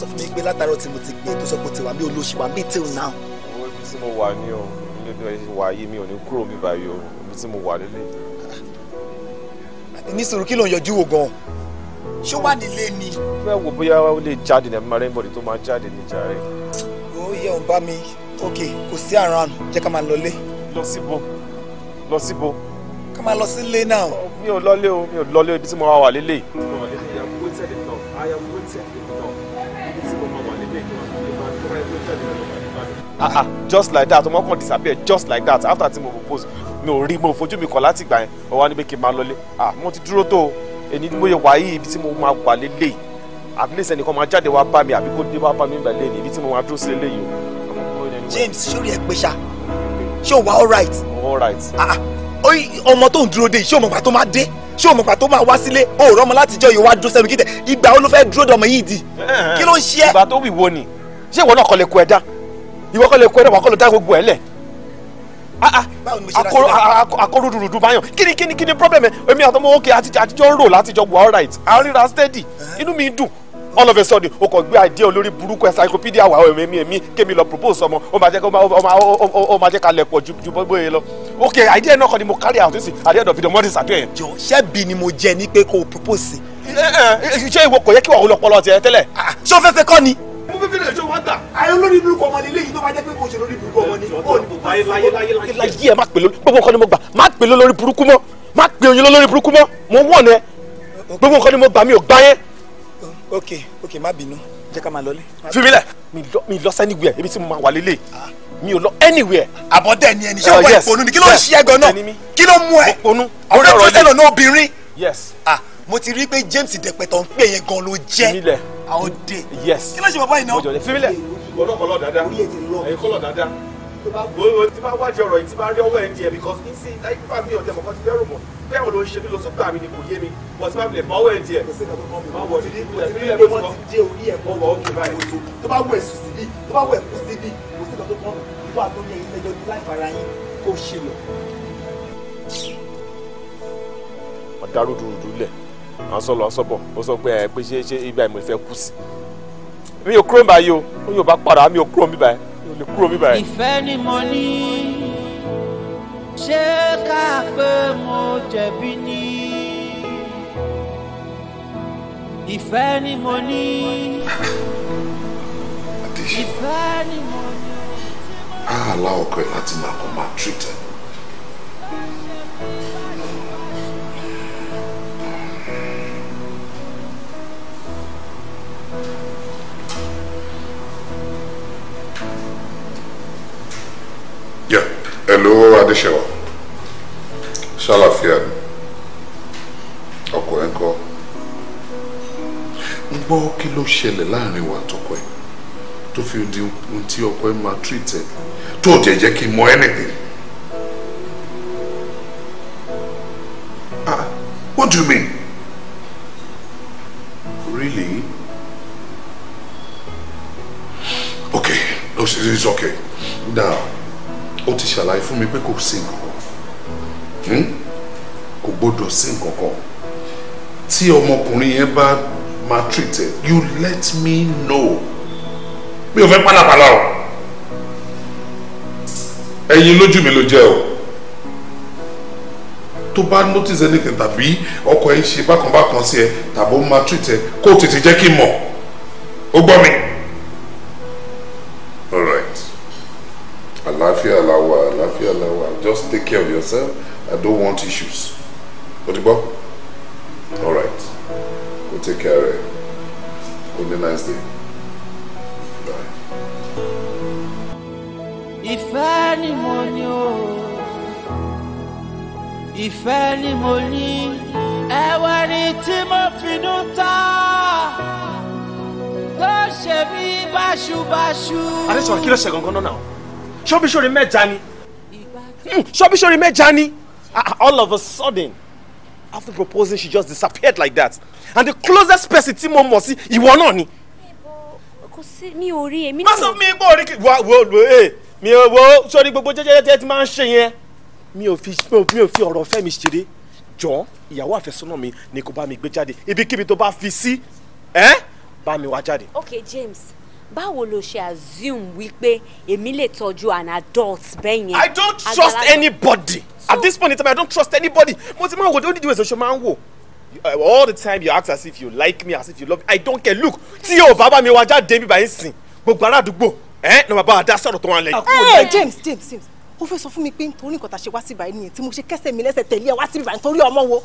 sọ fún mi pé látàárọ̀ tí mo ti gbé tó sọ pé ti wà mí olóṣì wà mí till now. owó ibi tí mo wà ní o ilé tó wà yìí mi ò ní kúrò mi báyìí o ibi tí mo wà lélẹ̀. ní kí ló ń yọjú wò gan-an ṣé wà nílé ni. fẹ́ wo bóyá ó lè jáde ní ẹ̀mí rẹ́ńbọ̀dì tó máa jáde ní jàre. ó yẹ òun bá mi òkè kò sí àrùn jẹ́ ká máa lọlé. lọ síbo lọ síbo. ká máa lọ sílé náà. mi ò lọlé o mi ò lọlé ibi tí mo wà wà lélẹ̀. I am waiting. just like that ọmọ kan disappear just like that after tí mo propose mi ò rí mo fojú mi kọ̀ láti ìgbà yẹn ó wá ní kí n máa lọlé ah mo ti dúró tó o èyí ni mo wáyé ibi tí mo máa wà lélẹ̀ at least ẹnìkan máa jáde wá bá mi àbí kó dé wá bá mi gbà lẹ́yìn ibi tí mo máa dúró sí lélẹ̀ yìí o. James sórí ẹ pé ṣá ṣé o wà all right. all right. ah ọmọ tó ń dúró dé yìí ṣé o mọ̀ gbà tó máa dé ṣé o mọ̀ gbà tó máa wá sílé o ò rọ́mọ láti jẹ́ òye wá dúró sẹ́nu kíntẹ̀ ìgbà wo ló fẹ́ dúró dọmọ yìí di kí ló ń ṣe é. ìgbà tó wì wo ìwọ kọ́ lè kó ẹ̀rọ wà kọ́ lè dá gbogbo ẹ̀ lẹ̀ akóró dùdùdù báyọ̀ kíni kíni kíni problem ẹ̀ èmi àtọmọ òkè àtijọ́ ń rò látijọ́ wà all right àríra steady inú mi dùn all of a sudden o kò gbé idea olórí burúkú encyclopedia wa ẹ̀mí ẹ̀mí ẹ̀mí kémi lọ propose ọmọ ó máa jẹ́ ó máa jẹ́ ká lẹ̀ pọ̀ ju ju bóyá lọ ok idea náà kọ́ ni mo carry out sí at the end of the day mo ti ṣàtúnyẹ̀. jọ ṣebí ni mo jẹ ní pé kò propose. ṣé ìwọ kò yẹ kí wàá olọpọlọ tiẹ̀ tẹ́lẹ̀. Ah, ṣé o fẹ́ fẹ́ kọ́ ni mo fẹ́ fẹ́rẹ̀ ẹ̀ṣọ́ wa gbà. ayé olórí burúkú ọmọ nílé yìí tó bá jẹ́ pé kò ṣe lórí burúkú ọmọ ni ó ní gbogbo ayé láyé láyé láyé. láyé ẹ má pè lórí gbogbo nǹkan ni mo gbà má pè lórí burúkú mọ́ má pè oyin lórí burúkú mọ́ mo wọ̀n ẹ gbogbo nǹkan ni mo gbà mi ò gbá yẹn. ok ok má bínú jẹ́ ká máa lọlé. fi mi lẹ̀ mi lọ sẹ́ni wíẹ̀ ebi tí mo máa wà lélẹ̀ mi ò lọ anywhere. àbọ̀dẹ̀ ni ẹni ṣé wọ́n ìponu ni kí ló ń ṣe ẹgbẹ́ náà kí ló mú ẹ ọ̀rẹ́ tó tẹ̀lọ̀ náà obìnrin. yes. ah mo ti rí pé James dẹ̀pẹ̀tọ̀ ń pè yẹn gan ló jẹ́ àwọn dé kí ló ṣe bàbá yìí náà. mojọ fífilẹ. ọlọ́kọ̀ọ́lọ́ dáadáa ẹ̀yin kọ́lọ̀ dáadáa tí bá wájú ọ̀rọ̀ yìí tí bá rí ọwọ́ ẹ̀ ń díẹ̀ because ní sí láì fà mí ọ̀dẹ̀ mọ̀kàn ti bẹ́rù mọ̀ pé àwọn ló ń ṣe mí lọ sọ́gbà mi ni kò yé mi but tí bá fi lè mọ ọwọ́ ẹ̀ ń díẹ̀. má wọ ní ìlú ẹ̀fí ilé wọn ti dé orí ẹ̀ bọ̀ wọ̀ ókè báyìí tó bá wọ ẹ̀sùn síbí tó bá wọ ẹ̀kú síbí kò sí ìtọ́jú kan ìwà tó ní ẹ̀yìn lẹ́jọ́ láì fara yín kó ṣe lọ. ọ̀dàrú dùrùdù lẹ̀ à ń sọ lọ à ń sọ bọ̀ ó sọ pé ẹ pé ṣé ṣé ibà ìmọ̀ ìfẹ́ kù sí mi ò kúrò báyìí o ó yóò bá padà mi ò kúrò mi báyìí mi lè kúrò mi báyìí. ìfẹ́ ni mo ní ṣé ká pé mo jẹ̀bi ni ìfẹ́ ni mo ní ìfẹ́ ni mo ní. á ọkọ ẹ láti máa kọ máa treat Yeah. Hello, Adéṣẹ́wà. Ṣàlàfíà ni. Ọkọ ẹ̀ ń kọ́. Ń gbọ́ kí ló ṣẹlẹ̀ láàrin wa àtọkọ ẹ̀ tó fi di ohun tí ọkọ ẹ̀ máa treat tó jẹ́ jẹ́ kí n mọ anything. Ah, what do you mean? Really? Okay, no, it's okay. Now ó ti ṣàlàyé fún mi pé kò sí nǹkan hmm? kò gbọ́dọ̀ sí nǹkan kan tí ọmọkùnrin yẹn bá máa treat ẹ you let me know mi ò fẹ́ pálapàla o ẹyin lójú mi ló jẹ́ o tó bá notice anything tàbí ọkọ ẹ ṣe bákan bákan sí ẹ tàbí ó máa treat ẹ kó tètè jẹ́ kí n mọ̀ ó gbọ́ mi. take care of yourself I don't want issues o ti all right go take care rẹ go be nice day bye. if ni mo ní o ìfẹ́ ni mo ní ẹ̀wẹ̀ ni Bashu, mo finú ta tó ṣe bí báṣubàṣu. àdéṣe wa kí Show me, gangan náà ṣọ́bíṣọ́rẹ́ mẹ́ta Hmm, ṣọ́bíṣọ́rí mẹ́ja ni ah, ah, all of a sudden after proposing she just disappeared like that and the closest person tí mo mọ̀ sí ìwọ náà ni. kò sí mi ò rí èmi náà. má sọ mi gbọ́ orí kìí wá wo wo ee eh, mi ò wo sórí gbogbo jẹ́jẹ́ tẹ́ ti máa ń ṣe yẹn mi ò fi mi ò fi ọ̀rọ̀ fẹ́ mi ṣeré jọ̀ọ́ ìyàwó àfẹ́sọ́nà mi ni kò bá mi gbé jáde ibikíbi tó bá fi sí ẹ́ bá mi wá jáde. ok James báwo ló ṣe assume wípé èmi lè tọ́jú an adult bẹ́ẹ̀ yẹn. I don't trust anybody so, at this point in time I don't trust anybody mo ti máa wò ó dídí ìwé ṣoṣo máa ń wò uh, all the time you ask as if you like me as if you love me I don't care look tí o bá bá mi wá jáde mi báyìí sìn gbogbo ará àdúgbò ẹ ní bàbá àdá sọ̀rọ̀ tó wọn lẹ́yìn. ẹ James James James ó fẹ́ sọ fún mi pé nítorí nǹkan tá a ṣe wá sí ibà nìyẹn tí mo ṣe kẹsẹ̀ mi lẹ́sẹ̀ tẹ̀lé ẹ wá sí ibà nítorí ọmọ wo.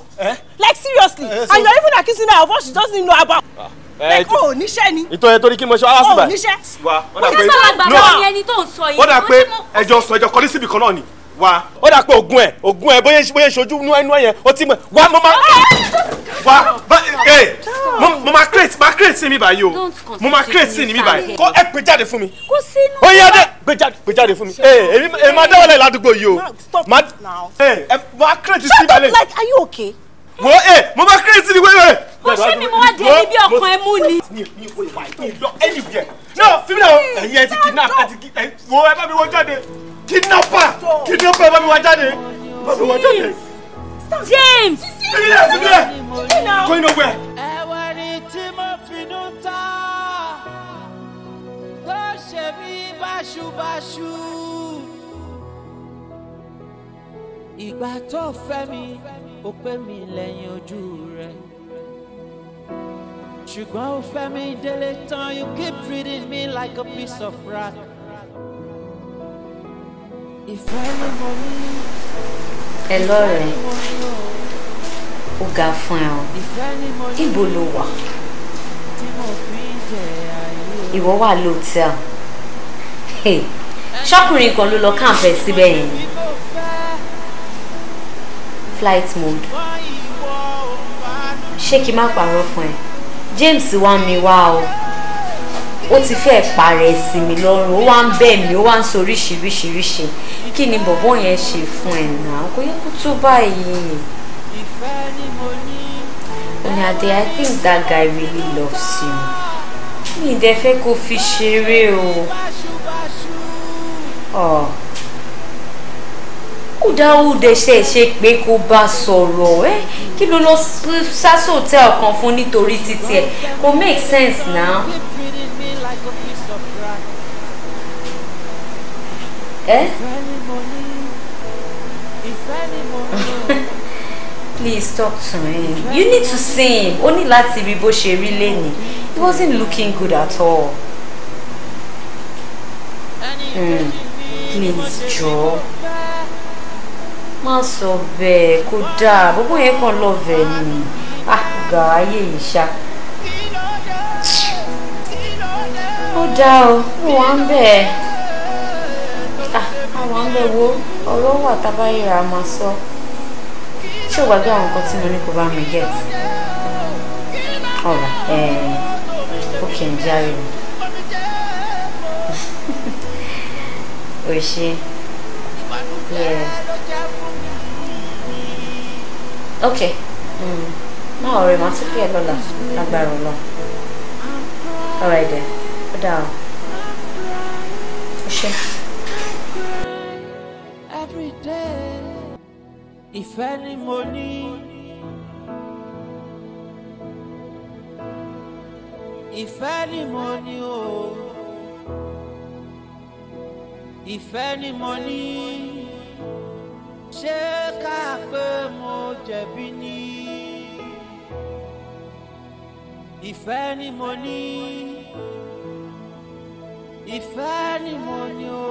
like seriously and you even accusing her of what she doesn't know about. Ah ẹkọ oníṣẹ́ ni. ìtọ́ ẹ torí kí mo ṣe aláṣẹ báyìí. oníṣẹ́ wa ó dà pé no ẹni tó ń sọ yìí. ó dà pé ẹjọ sọ ẹjọ kọrí síbi kan náà ni wa. ó dà pé ogun ẹ ogun ẹ bóyá bóyá ìṣojú inú ẹnu yẹn ó ti mọ wa mo máa wa ee mo máa create máa create sí mi báyìí o mo máa create sí mi báyìí kó ẹ gbé jáde fún mi. kó sínú wa ó yá jáde gbé jáde fún mi. ee èmi máa dáwọ́lẹ̀ ládùúgbò yìí o. stop now. ee máa create sí mi báyìí. shut up like are you okay wo ẹ mo bá kéré ni wẹ́wẹ́. mo ṣe ni mo wá jẹ níbi ọkàn ẹ mú ni. mi mi ò wà ní lọ anywhere náà fífi náà ẹ̀yin ti kidnap ẹ ti kidnap wo ẹ bá mi wọ jáde kidnapper kidnapper ẹ bá mi wọ jáde bá mi wọ jáde. James. sílẹ̀ sílẹ̀ kò ní ọgbẹ́. ẹ̀wọ̀n ni tí mo finú ta ló ṣe mí báṣubàṣu. ìgbà tó fẹ́ mi ó pè mí lẹ́yìn ojú rẹ. ṣùgbọ́n ó fẹ́ mi délé tán you keep treating me like a piece of rat. ìfẹ́ ni mo ní. ẹ lọ́rẹ̀ẹ́ ó ga fún ẹ o ibo ló wà ìwọ wà lóòtẹ́ẹ̀lì ṣọkùnrin kan ló lọ káàpẹ́ síbẹ̀ yẹn flight mode ṣé kí n má pààrọ̀ fún ẹ James wá mi wá o ó ti fẹ́ parẹ́ sí mi lọ́rùn ó wá ń bẹ̀ mí ó wá ń sọ oríṣiríṣiríṣi kí ni bọ̀bọ́ yẹn ṣe fún ẹ̀ náà kò yẹ kó tó báyìí. Onyade, I think that guy really loves you. Mi dẹ̀ fẹ́ kó fi ṣeré o. Oh. Kúdáwù dẹ ṣe ṣe pé kó bá sọ̀rọ̀ ẹ́ kí ló lọ sásòtẹ́ ọ̀kan fún nítorí títí ẹ̀ kò make sense now. Eh? Please talk to me. You need to see him. Ó ní láti rí bó ṣe rí lẹ́nìí. He wasn't looking good at all. Mm. Please, Joe má sọ bẹ́ẹ̀ kó dáa gbogbo yẹn kàn lọ́ọ̀vẹ̀ ni àgbà ah, ayé yìí ṣá. ó dáa o ó wà ń bẹ́ẹ̀ ah, àwọn ń bẹ́ẹ̀ wo ọ̀rọ̀ wà tábáyìrà máa sọ ṣé o gbàgbé àwọn nǹkan tí mo ní kó bá mi get ọ̀rọ̀ ẹ̀ eh, ó kì í járe mi ò ṣe yeah ok hmm. má ọ̀rẹ́ màá tún kí ẹ lọ́la lágbára ọ̀la ọ̀rọ̀ ẹ̀dẹ̀ ó dáa ó ṣe. ìfẹ́ ni mo ní. ìfẹ́ ni mo ní o. ìfẹ́ ni mo ní ṣé ká pé mo jẹ̀bi ni ìfẹ́ ni mo ní ìfẹ́ ni mo ní o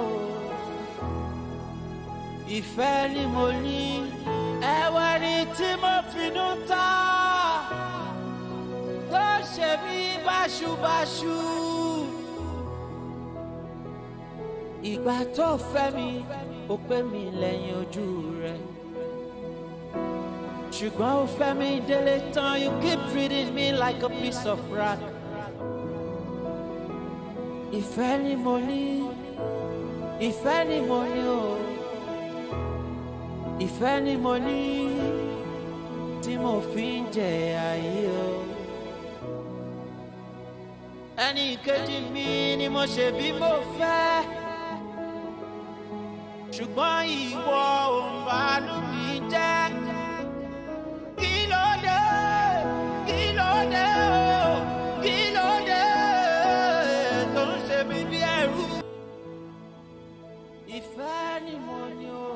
ìfẹ́ ni mo ní ẹ̀wẹ̀ ni tí mo finú ta tó ṣe mí báṣubàṣu. ìgbà tó fẹ́ mi. Fẹ́ mi ó pè mí lẹ́yìn ojú rẹ̀. ṣùgbọ́n ó fẹ́ mi délé tán you keep treating me like a piece of rag. ìfẹ́ ni mo ní ìfẹ́ ni mo ní o ìfẹ́ ni mo ní tí mo fi ń jẹ ayé o. ẹnì kejì mi ni mo ṣe bí mo fẹ́ ṣùgbọ́n ìwọ ò ń bàánú mi jẹ́ kí ló dé kí ló dé o kí ló dé tó ń ṣe mí bí ẹrú. ìfẹ́ ni mo ní o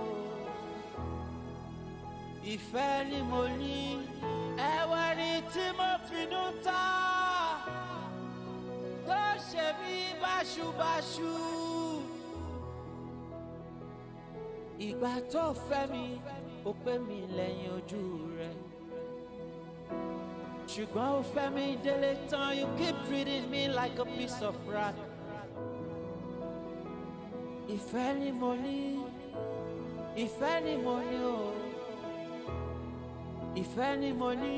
ìfẹ́ ni mo ní ẹ̀wẹ̀ ni tí mo finú ta tó ṣe mí báṣubàṣu. ìgbà tó fẹ́ mi ó pè mí lẹ́yìn ojú rẹ̀ ṣùgbọ́n ó fẹ́ mi délé tán you keep treating me like a piece of rat ìfẹ́ ni mo ní ìfẹ́ ni mo ní o ìfẹ́ ni mo ní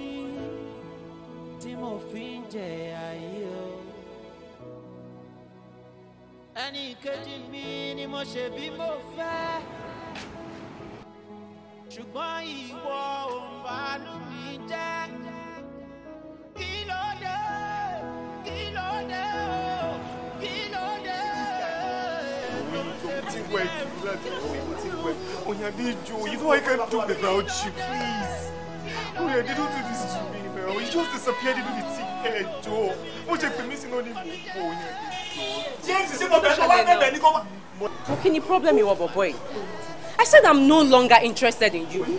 tí mo fi ń jẹ ayé o ẹnì kejì mi ni mo ṣe bí mo fẹ́ ṣùgbọ́n ìwọ ò ń bàánú mi jẹ́ kí ló dé kí ló dé o kí ló dé o ṣe fi lè rí. Oya Dejo, you know I can't do without you, please. Oya, they don't do this to me now. You just disappeared into the thick hair door. Mo ṣe pè mí sínú ní gbogbo Oya Dejo. James, ṣé mo bẹ̀rẹ̀ wá bẹ̀rẹ̀ ní kọ́ wá? Mo kí ni problem ìwọ bọ̀bọ̀ yìí? I said I'm no longer interested in you. you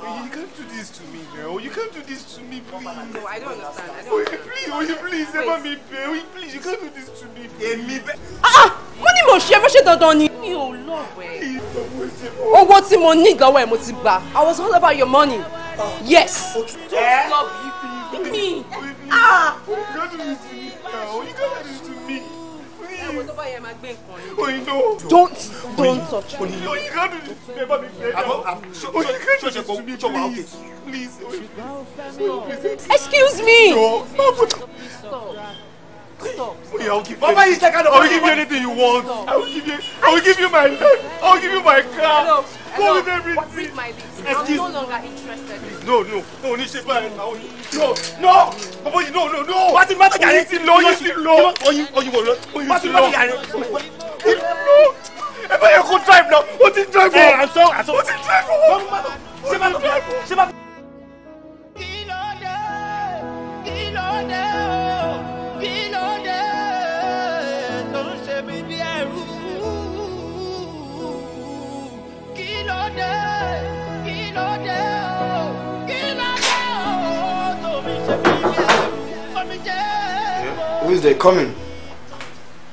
can't do this to me girl. You can't do this to me, please. No, I don't understand. I don't understand. Please, please, never please, you can't do this to me. Èmi ah, ah! Mo ní mo ṣe, mo don't need ni. Mi ò Oh, what's tí money, girl? lọ́wọ́ ẹ̀ mo I was all about your money. Yes. Don't love you. Me. Ah! You can't do this to me now. You can't do this to me. Don't don't touch me. Please please Excuse me. No. Stop. Stop. Oya, I'll Baba, you take out. I will give you anything you want. I will give you. I will give you my life. I will give you my car. Stop. Go with everything. my lips. Excuse I'm no longer interested. Please, no, no, no, ní no, báyìí náà. No, no, bàbá yìí, no, no, no. Wọ́n ti máa tẹ̀yà rẹ̀ sí lọ, yóò sì lọ. Oyin oyin wò lọ, oyin sì lọ. Wọ́n ti máa tẹ̀yà rẹ̀. Ẹ bá yẹ kó drive náà, ó ti drive wọ. Ẹ àṣọ àṣọ. Ó ti drive wọ. Ṣé bá drive wọ? Ṣé bá. Kí ló dé? Kí ló dé? Kí ló dé? Tó ń ṣe mí bí ẹrú. Who is there coming?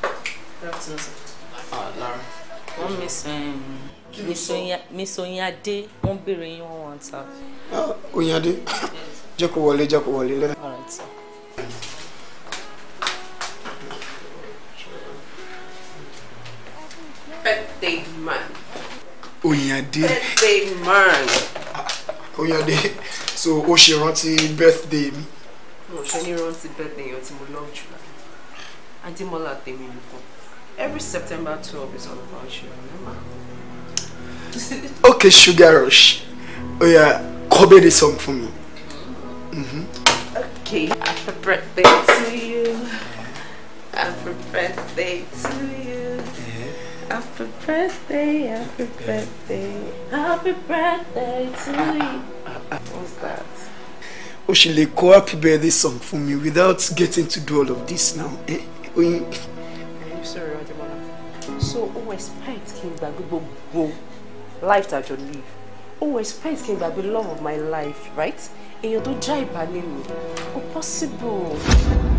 Good afternoon, sir. Ah, Lara. Wọ́n mi sìn mi sọ Oyinade, wọ́n béèrè yín wọ́n ah, wọ́n ta. Ah, Oyinade, All right, sir. Birthday man. Oyande. Birthday man. Ah, Oyande so ó ṣe rántí birthday mi. Mo ṣe ní rántí birthday yẹn tí mo love jù lọ. Adémọ́lá tèmi lukọ. Every September twelve is all about you, remember? okay, Sugar Rush. Oh yeah, copy the song for me. Mm-hmm. Okay, happy birthday to you. Happy birthday to you. Happy birthday, happy birthday, happy birthday to you. What's that? O ṣe lè kọ happy birthday song for me without getting to do all of this now. Eh? Oyin. sorry, Ademola. So, o expect kí n gbàgbé gbogbo life that you live. O expect kí n the love of my life, right? Èèyàn tó já ìbálẹ̀ mi. Kò possible.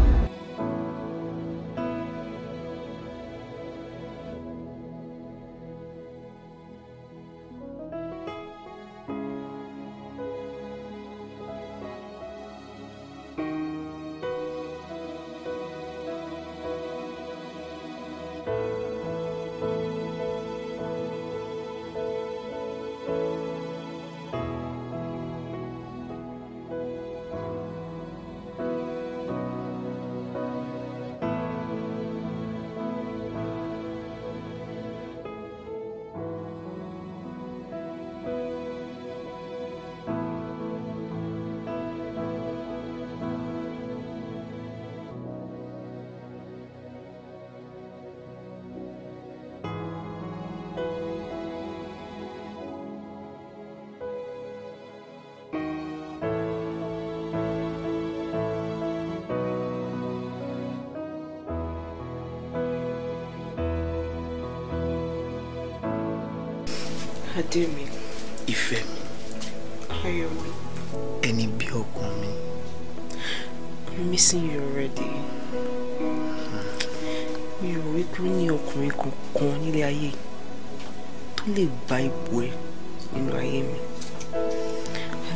lè gba ipò ẹ nínú ayé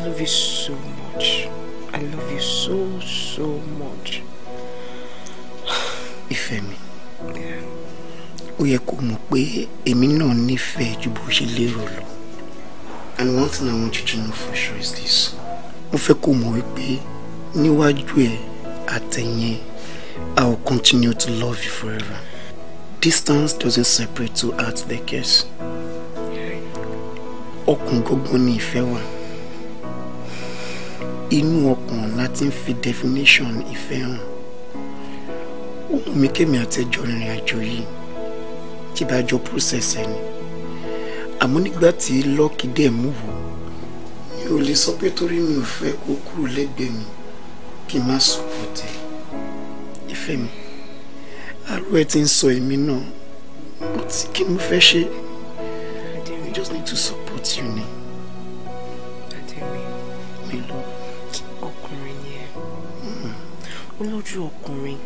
I love you so much I love you so so much ìfẹ́ mi ó yẹ kó mọ̀ pé èmi náà nífẹ̀ẹ́ ju bó ṣe lérò lọ and one thing I want you to know for sure is this mo fẹ́ kó mọ̀ wípé níwájú ẹ àtẹ̀yìn I will continue to love you forever. Distance doesn't separate two hearts they kiss ọkàn gangan ni ìfẹ́ wà inú ọkàn láti fi definition ìfẹ́ hàn ohun mi kémi àtẹjọ́ rìnrìn àjò yìí tí bá jọ process ẹni àmọ́ nígbà tí lọ́ọ̀kì dẹ̀ mú wò mi ò lè sọ pé torí mi ò fẹ́ kó kúrò lẹ́gbẹ̀ẹ́ mi kí n má support ẹ ìfẹ́ mi àrò ẹ ti ń sọ èmi náà but kí n fẹ́ ṣe I just need to support hurt you ni. Adémi, mi lọ ọkùnrin ni ẹ. Mm-hmm. Ó lójú ọkùnrin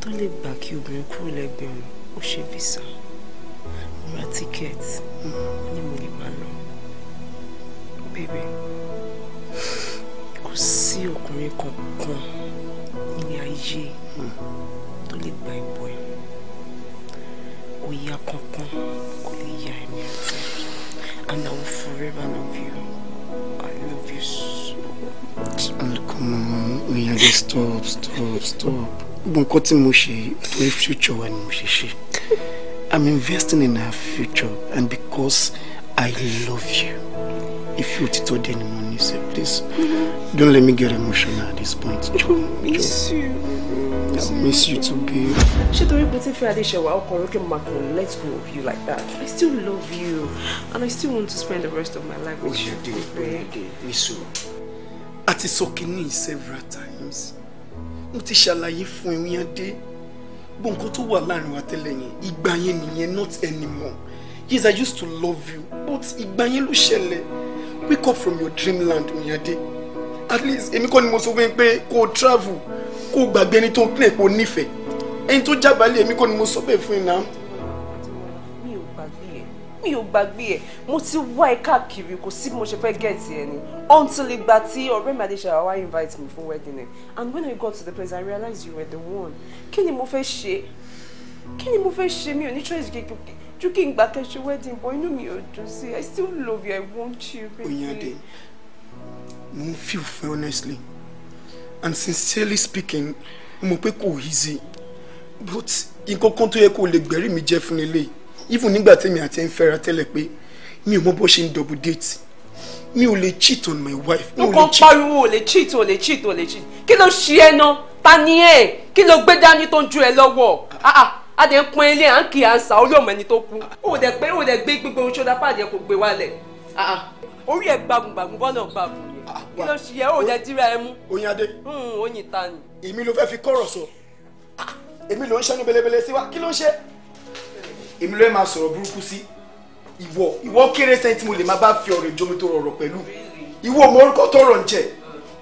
tó lè gbà kí obìnrin kúrò lẹ́gbẹ̀ẹ́ òun ó ṣe visa ra tíkẹ́ẹ̀tì mm-hmm. ni mo lè máa lọ. Bébè, kò sí ọkùnrin kankan nílé ayé mm-hmm. tó lè gba ipò ẹ̀. kankan kò lè ya ẹ̀mí àti ẹ̀ and I will forever love you. I love you so much. come on, we Oya, to stop, stop, stop. Gbogbo nǹkan tí future wa ni I'm investing in our future and because I love you. If you tito deni mo ni say please, mm-hmm. don't let me get emotional at this point. Joe, you. I'll miss you too, be. Ṣé torí pé tí fẹ́ Adéṣẹ̀wá ọkàn òun kí mo máa kàn let go of you like that? I still love you and I still want to spend the rest of my life with you. you Oyede Oyede Nisu, a ti sọ kínní several times. Mo ti ṣàlàyé fún ẹ Oyede. Gbogbo nǹkan tó wà láàrin wa tẹ́lẹ̀ yẹn, ìgbà yẹn nìyẹn not anymore. Yes, I used to love you, but ìgbà yẹn ló ṣẹlẹ̀. Wake up from your dreamland Oyede. At least èmi kọ́ ni mo sọ fún travel kó o gbàgbé ẹni tó ń kílẹ̀ pé nífẹ̀ẹ́ ẹni tó jábàálẹ̀ èmi kọ́ ni mo sọ bẹ́ẹ̀ fún iná. mi ò gbàgbé ẹ mi ò gbàgbé ẹ mo ti wá ẹ káàkiri kò sí mo ṣe fẹ́ gẹ̀ẹ́tì ẹ ni until ìgbà tí ọ̀rẹ́ mi adéṣàlá wá invite me fún wedding ẹ and when I got to the place I realized you were the one kí ni mo fẹ́ ṣe kí ni mo fẹ́ ṣe mi ò ní choice kékeré ju kí n gbà kẹ́sẹ̀ wedding but inú mi ò dùn sí I still love you I want you baby. oyinade mo ń feel fẹ́ honestly and sincerely speaking mo pé kò easy but nǹkan kan tó yẹ kó lè gbẹ̀rí mi jẹ́ fún ilé even nígbà tèmi àti ẹ̀ ń fẹ́ra tẹ́lẹ̀ pé mi ò mọ bó ṣe ń double date mi ò lè cheat on my wife. mo kàn pariwo ò lè cheat ò lè cheat ò lè cheat kí ló ṣe ẹ ná ta ni ẹ kí ló gbé dání tó ń ju ẹ lọ́wọ́ ah, ah, a dẹ̀ ń pọn ilé à ń kì í à ń sà ó lóun ẹni tó kú ó dẹ̀ pé ó dẹ̀ gbé gbogbo oṣù dápàdé kò gbé wálẹ̀ ah, orí ẹ̀ gbàgùngbàgùn bọ́ọ̀nà gbàgùn kí ló ṣe ẹ́ òjẹ́ tíra ẹ mú. oyin adé. Hmm, oyin ta ni. èmi ló fẹ́ fi kọ́rọ̀ sọ èmi ló ń ṣẹ́nu belebele sí wa kí ló ń ṣe. èmi ló ń máa sọ̀rọ̀ burúkú sí ìwọ ìwọ kéré sẹ́yìn tí mo lè máa bá fi ọ̀rọ̀ ìjomi tó rọrọ̀ pẹ̀lú ìwọ mọ orúkọ tó rọ̀ ń jẹ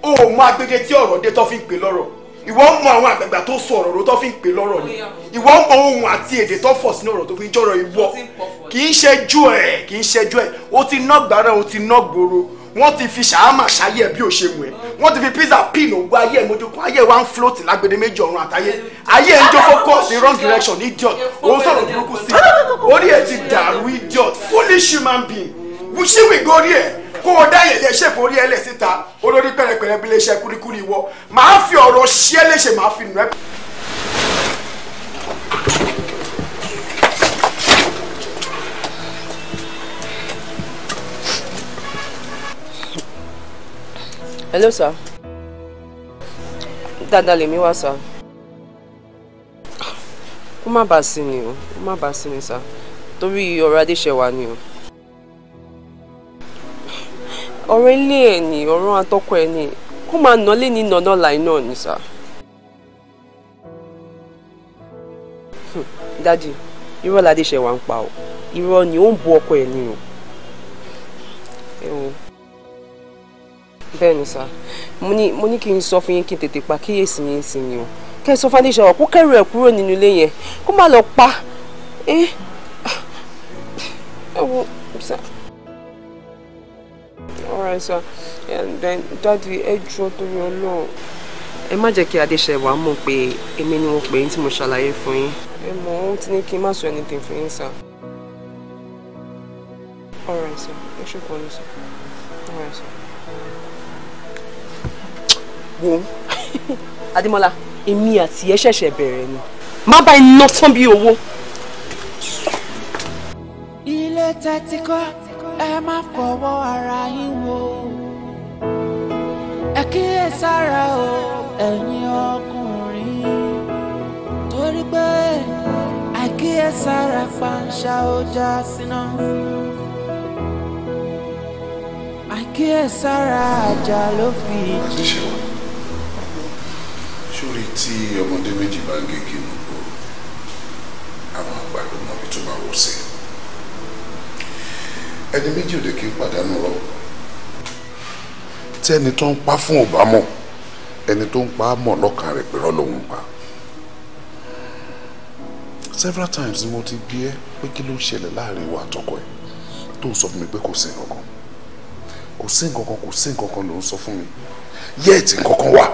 o ò mọ agbègbè tí ọ̀rọ̀ dé tó fi ń pè lọ́rọ̀ ìwọ mọ àwọn àgbààgbà tó sọ ọ̀rọ̀ tó fi ń pè lọ́rọ̀ ni ìwọ mọ ohun àti èdè tó fọ̀ sínú ọ̀rọ̀ tó fi ń jọ̀rọ̀ ìwọ kì í ṣẹ́jú ẹ̀ kì í ṣẹ́jú ẹ̀ o ti nọ́gbàrà o ti nọ́gbòro wọ́n ti fi ṣàámà ṣayé ẹ̀ bí ò ṣe mú ẹ̀ wọ́n ti fi pizza pin ògùn ayé ẹ̀ mójúkọ ayé ẹ̀ wá ń float lágbède méjì ọ̀run àtayé ayé ẹ̀ ń jó focus in wrong direction idiot òun sọ̀rọ̀ burúkú sí orí ẹ̀ ti dàrú idiot foolish human being ṣíwì gorí ẹ̀ kó o dá yẹ̀yẹ́ ṣèfò orí ẹ̀ lẹ̀ síta olórí pẹ̀rẹ̀pẹ̀rẹ̀ bí lè ṣe kúrikúri wọ màá fi ọ̀rọ̀ ṣiẹ́ léṣe màá fi nù ẹ́. hello sir dáadáa lèmi wá sir má ni o má bàa sí ni torí ọ̀rọ̀ ni o ọ̀rọ̀ ilé ẹ̀ ni ọ̀rọ̀ ni kó máa nà lé ní nànà láì ni sir. Hmm, ń pa o ịrọ ni ó ń bu ọkọ ẹ̀ ni bẹ́ẹ̀ni sá mo ní kí n sọ fún yín kí n tètè pa kíyèsí yín sí ni o kẹ ẹ sọ fún adéṣọ kó kẹrù ẹ kúrò nínú ilé yẹn kó má lọ pa ẹ wo sá ọ̀rọ̀ sá dáàdi ẹ jọ torí Ọlọ́run. ẹ má jẹ́ kí adéṣẹ́ wàá mọ̀ pé èmi ni mo pè yín tí mo ṣàlàyé fún yín. ẹ mọ̀ ohun tí ní kí n má sọ anything fún yín sá. ọ̀rọ̀ sá ẹ ṣe kọ́ ló sọ ọ̀rọ̀ sá wo Adémọ́lá èmi àti ẹ ṣẹ̀ṣẹ̀ bẹ̀rẹ̀ ni má bá iná tán bí owó. ilé tẹ́tí kọ́ ẹ má fọwọ́ ara yín wò ẹ kíyè sára o ẹ̀yin ọkùnrin torí pé àìkíyè sára panṣá ó já síná àìkíyè sára àjà ló fi jì torí tí ọmọdé méjì bá ń gègé gbogbo àwọn àgbà ló mọ ibi tó máa wò sí ẹni méjì ò lè kí n pàdánù rọ tí ẹni tó ń pa fún ọba mọ ẹni tó ń pa á mọ̀ lọ́kàn rẹ̀ pé rọ́lọ́hún pa several times ni mo ti bi ẹ́ pé kí ló ń ṣẹlẹ̀ láàrin ìwà àtọkọ ẹ̀ tó ń sọ fún mi pé kò sí nǹkan kan kò sí nǹkan kan kò sí nǹkan kan ló ń sọ fún mi yẹ́ẹ̀tì nǹkan kan wà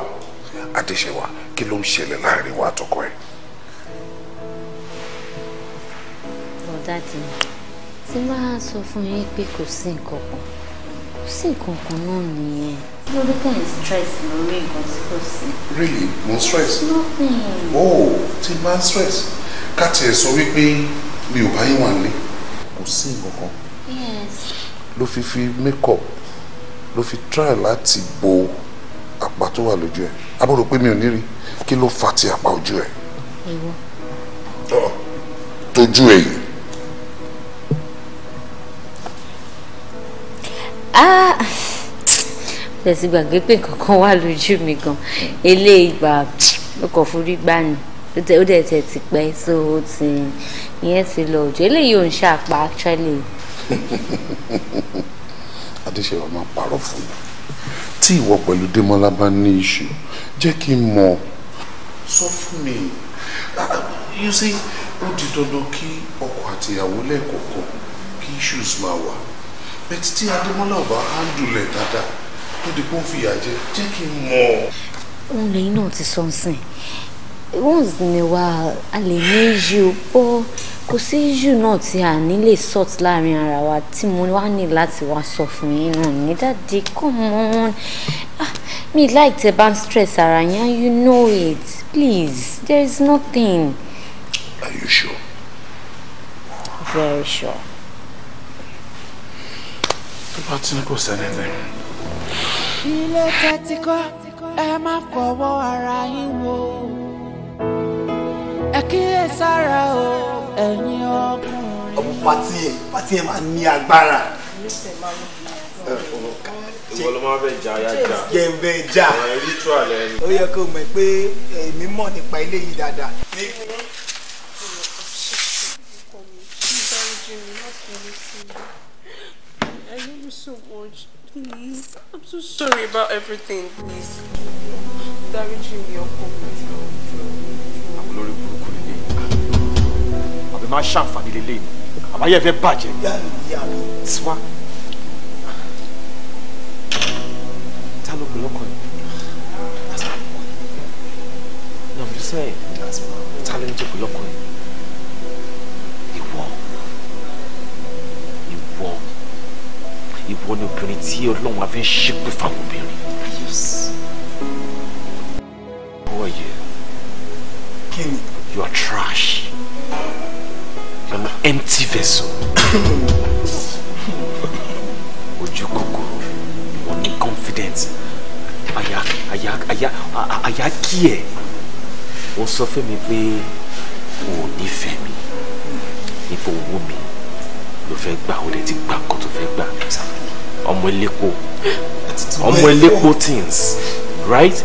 adéṣèwà kí ló ń ṣẹlẹ̀ láàrin wa àtọkọ ẹ̀. ọ̀dàdì tí máa sọ fún yín pé kò sí nǹkan kan kò sí nǹkan kan náà nìyẹn lórí tẹ̀ ń stress lórí nǹkan tí kò sí. really mo stress. nothing. oh tí máa stress ká tiẹ̀ sọ wípé mi ò bá yín wà nílé kò sí nǹkan kan. yes. ló fi fi make up ló fi try láti bo àpá tó wà lójú ẹ abúrò pé mi ò ní rí kí ló fa ti àpá ojú ẹ. tójú ẹ yìí. tẹ̀sí ah, gbàgbé pé kankan wà lójú mi gan eléyìí gbà ó kàn forí gbà ni ó dẹ̀ tẹ̀ ti pẹ́ so ó ti ìyẹn ti lọ òjò eléyìí ò ń ṣàpá actually. adéṣèwà máa parọ́ fún mi tí ìwọ pẹ̀lú Démọ́lá bá ní iṣu jẹ́ kí n mọ̀ sọ fún mi ah, you see ó di dandan kí ọkọ àtìyàwó lẹ́ẹ̀kọ̀ọ̀kan kí issues máa wà bẹ́ẹ̀ tí Adémọ́lá ò bá handle ẹ̀ dáadáa tó di pé ó ń fìyà jẹ jẹ́ kí n mọ̀. òun lẹ́yìn náà ti sọ ń sìn once ni wa a lè ní yí o bọ́ kò sí issue náà tí a ní lè sort láàrin ara wa tí mo wá ní láti wá sọ fún yín náà ní dáàdi come on ah, mi like tẹ bá ń stress ara yẹn you know it please there is nothing. are you sure. very sure. tó bá ti ní kò sẹ́ni tẹ̀. ilé tẹ́tí kọ́ ẹ má fọwọ́ ara yín wò ó kíyè sára o ẹ̀yin ọkùnrin. ọmọ pati ẹ pati ẹ máa ní agbára. ìwọ ló máa bẹ ja ya ja. yẹ n bẹ ja. ó yẹ kó mọ̀ pé èmi mọ̀ nípa eléyìí dáadáa. I love I'm so sorry about everything. Please, dáríjì mi ọkọ máa ṣàǹfààní lélẹ̀ ni àbáyé fẹ́ bàjẹ́ tiwa. ta ló gbìn lọ́kàn yìí nàbí sẹ́yìn ta ló ń jẹ́ gbìn lọ́kàn yìí. ìwọ ni obìnrin tí ọlọ́run afẹ́ ń ṣépè fáwọn obìnrin. ọwọ́ yẹ kí ni you are trash tí fẹ̀sùn ojú kòkòrò ìwọ ní confidence àyà àyà àyà àyà kí ẹ wọ́n sọ fún mi pé o ò nífẹ̀ẹ́ mi nífẹ̀ẹ́ owó mi ló fẹ́ gbà ó lè ti gbà kó tó fẹ́ gbà ọmọ elépo ọmọ elépo things right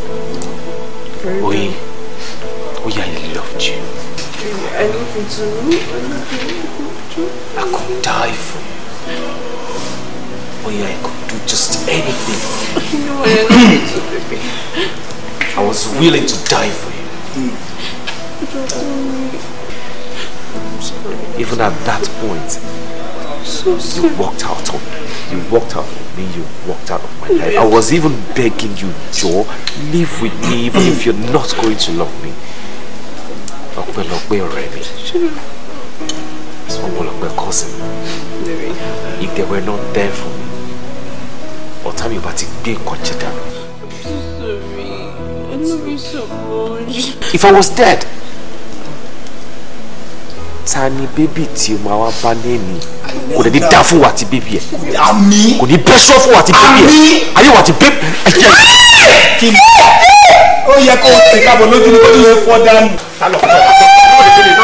oye oye I loved you. I love you too. I could die for you. Oh yeah, I could do just anything. No, you're baby. I was willing to die for you. Mm. Even at that point, so you walked out on me. You walked out on me, you walked out of my life. I was even begging you, Joe, live with me even if you're not going to love me. Ọpẹ́lọpẹ́ ọ̀rẹ́ mi. Sure. ọ̀pọ̀lọpọ̀ cousin if they were not there for me ọ̀tá mi ò bá ti gbé nǹkan jẹ dànù. I love you so much. If I was dead, tiny baby, bébì tí o máa wá bá lẹ́ni kò ní dá fún wa ti bébì ẹ̀ kò ní bẹ́sọ̀ fún wa ti bébì ẹ̀ ayé wa ti bébì ẹ̀ kí ni ó yẹ kó o ti kábọ̀ lójú ní kó o lè fọ́ dání. ta ló fọ́ ẹ ta ló fọ́ ẹ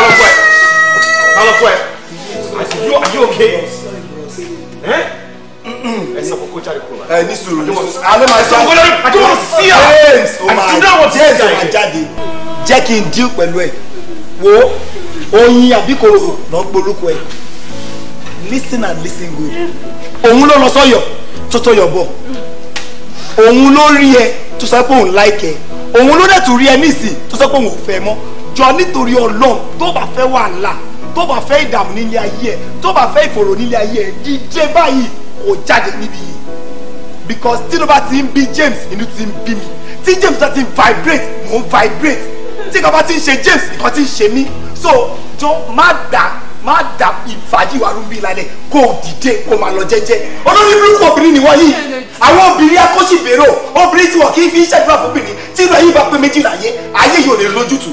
ta ló fọ́ ẹ you are you okay? ẹ sọ kókó jáde kúrò báyìí. ẹ ní sùúrù ní sùúrù. alẹ́ máa jáde. I don't want to see her. James o máa James o máa jáde. jẹ́ kí n dín pẹ̀lú ẹ̀ wo oyin àbí kororo lọ gbolóko ẹ̀ listen and listen good. òun ló lọ sọ́yọ̀ tó tọ́yọ̀ bọ̀ òun ló rí ẹ tó sọ pé òun láìkẹ́ òun ló dẹ̀ tún rí ẹ nísìn tó sọ pé òun ò fẹ́ mọ́ jọ nítorí ọlọ́run tó bá fẹ́ wàhálà tó bá fẹ́ ìdààmú nílé ayé ẹ tó bá fẹ́ ìfòrò nílé ayé ẹ jíjẹ báyìí kò jáde níbí yìí because tí ló bá ti ń bí James inú ti ń bí mi tí James bá ti ń vibrate mò ń vibrate tí nǹkan bá ti ń ṣe James nǹkan ti ń ṣe mí so jọ má dà má dà ìfàjìwárú bí lálẹ́ kó o dìde kó o máa lọ jẹ́jẹ́ olórí burúkú obìnrin nìwọ yìí àwọn obìnrin akọ́ṣìbèrò obìnrin tí wọ́n kì í fi ń ṣàdúrà fóbìnrin tí ìlú ayé bá pé méjìlá yé ayé yóò lè lójútùú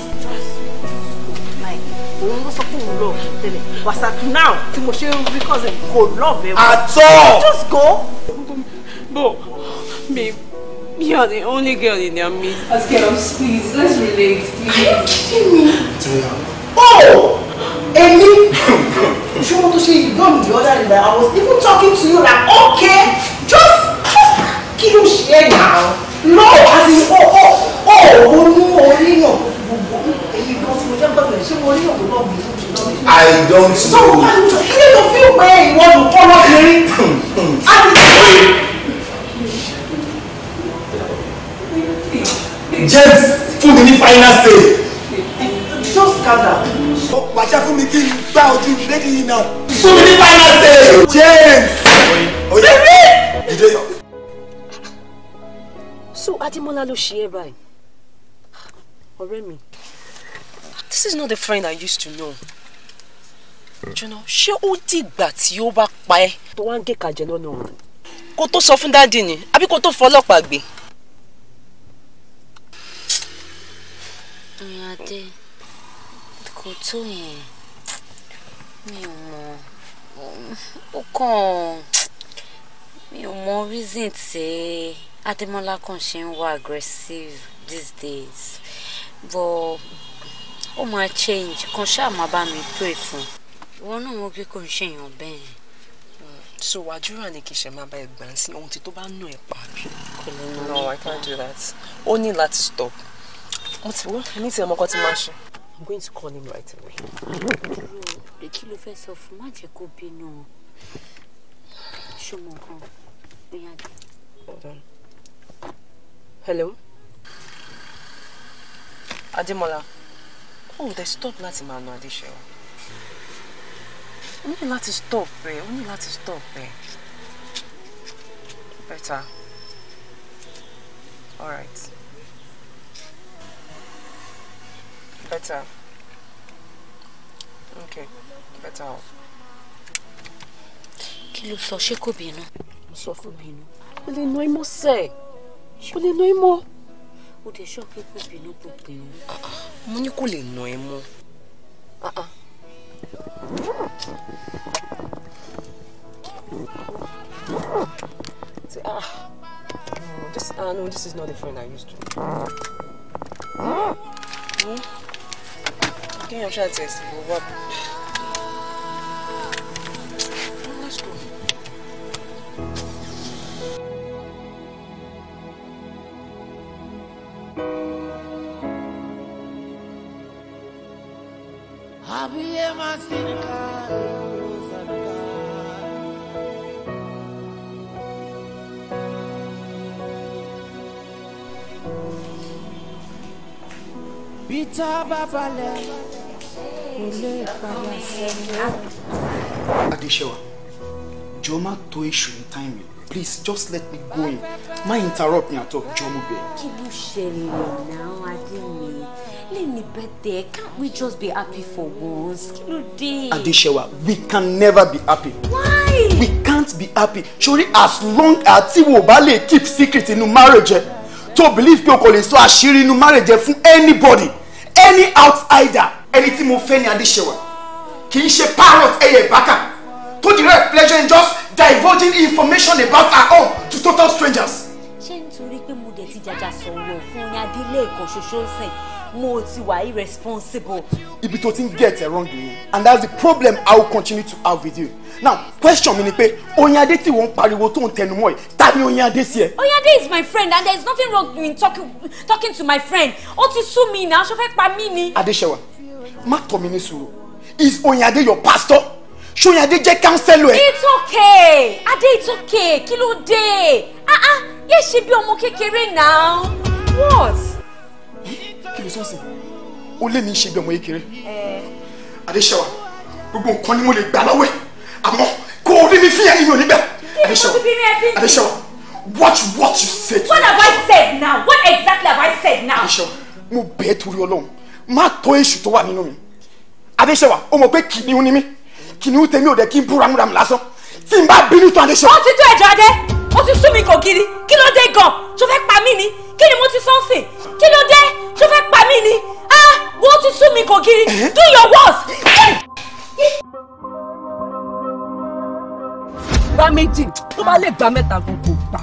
love tẹ́lẹ̀ was at now tí mo ṣe ń rí cousin kò love ẹ wọ. all. just go. bo babe you are the only girl in their midst. as girls please let's relate please. are you kidding me. oh èmi ṣùgbọ́n tó ṣe ìgbọ́n the other day I was even talking to you like okay just just kí ló ṣe é now no as in oh oh oh ronú oh, orí náà gbogbo. I don't know. sọ wọn lójú ilé tó fi pé ìwọ ló kọ́ lọ́kùnrin. a ti sọ. jet fún mi ní final stage. just calm down. ó pàṣẹ fún mi kí n gbá ojú lẹ́dí yìí náà. fún mi ní final stage. James. oye jíde yọ. so Adémọ́lá ló ṣe é báyìí ọ̀rẹ́ mi this is not the friend I used to know. jọ̀nà ṣé ó dìgbà tí ó bá pa ẹ́ tó wá ń gé kàjẹ́ lọ́nà ọ̀run. kó tó sọ fún dáàdì ni àbí kó tó fọlọ́pàá gbé. ìyáde kò tó yẹn mi ò mọ̀ ó kàn mi ò mọ̀ reason tí Adémọ́lá kàn ṣe ń wá aggressive these days but ó máa change kan ṣáà máa bá mi pray fún ìwọ náà mo kí kò ń ṣe èèyàn bẹ́ẹ̀ so àdúrà ni kì í ṣe máa bá ẹgbà ń sin ohun tí tó bá nù ẹ pa kò ní nù. no i can't do that ó ní láti stop mo ti wọ́n ní ti ọmọ kan ti máa ṣe. i'm going to call him right away. ọ̀rọ̀ kí ló fẹ́ sọ fún má jẹ́ kó bínú ṣùgbọ́n hold on hello ademola o ò dẹ̀ stop láti máa nu adéṣe o o ní láti stop ẹ o ní láti stop ẹ better all right better okay better off. kí ló sọ ṣé kò bínú. mo sọ fún bínú. kò lè ó dẹ̀ ṣọ́ pé kò bínú kò pín o. mo ní kò lè nà ẹ mọ́. Uh-uh. Ah, no, this, ah, no, this is not the friend I used to. Hmm? Okay, I'm trying to test it, but what? Let's go. Había más cerca. bíta bá balẹ̀ kò lè padà sẹ́yìn. adéṣẹ́wà jọ má tó èṣù ní táìmì o please just let me go in My interrupt me at all jọmọ bẹ. kí ló ṣẹlẹ̀ let me lẹ́ni there. can't we just be happy for once kí ló dé. we can never be happy. why. we can't be happy sori as long as tí wo bá lè keep secret inú marriage to believe people o kò lè sọ àṣírí marriage ẹ anybody any outsider anything tí mo fẹ́ ni adesewa kì í parrot ẹyẹ ìbákà tó di rẹ pleasure and just divulging information about her own to total strangers. ṣé nítorí pé mo dẹ̀ ti jàjà sọ̀rọ̀ fún yín adílé ìkan ṣoṣo sìn mo ti wà irresponsible. ibi tó ti ń get ẹ wrong and that's the problem i will continue to have with you now question mi ni pé Oyinade tí wọ́n ń pariwo tó ń tẹnumọ́ ẹ̀ ta ni Oyinade sí ẹ. Oyinade is my friend and there is nothing wrong in talking, talking to my friend ó ti sú mi náà aṣọ fẹ́ pa mí ni. Adéṣẹwà má tọ́ mi ní sùúrù is Oyinade your pastor ṣóyìn adé jẹ́ kánsẹ́lò ẹ̀. it's okay adé it's okay kí ló dé ah ah yé ṣe bí ọmọ kékeré now what. kí ló sọ́ọ̀sì ó lé mi ṣe bí ọmọ kékeré eh. adéṣẹ́wà gbogbo nǹkan ni mo lè gbà lọ́wọ́ ẹ̀ àmọ́ kó o rí mi fi ẹ̀yìn òní bẹ́ẹ̀ adéṣẹ́wà adéṣẹ́wà watch what you say to me. what have I said now what exactly have I said now. adéṣẹ́wà mo bẹ̀ẹ́ torí ọlọ́run má tọ́ èṣù tó wà nínú mi adéṣẹ́wà ó mọ̀ pé kìnìún ni mí kìnìún tèmi ò dẹ̀ kí n bú ramúramù lásán tí n bá bínú tán adéṣọ. ó ti tó ẹ̀jọ̀ adé ó ti sún mi kò kiri kí ló dé gan ṣó fẹ́ pa mí ni kí ni mo ti sọ́ọ̀sì kí ló dé ṣó fẹ́ pa mí ni ah wo ti sún mi kò kiri do your worst. gba méjì tó bá lè gba mẹ́ta gbogbo gbà.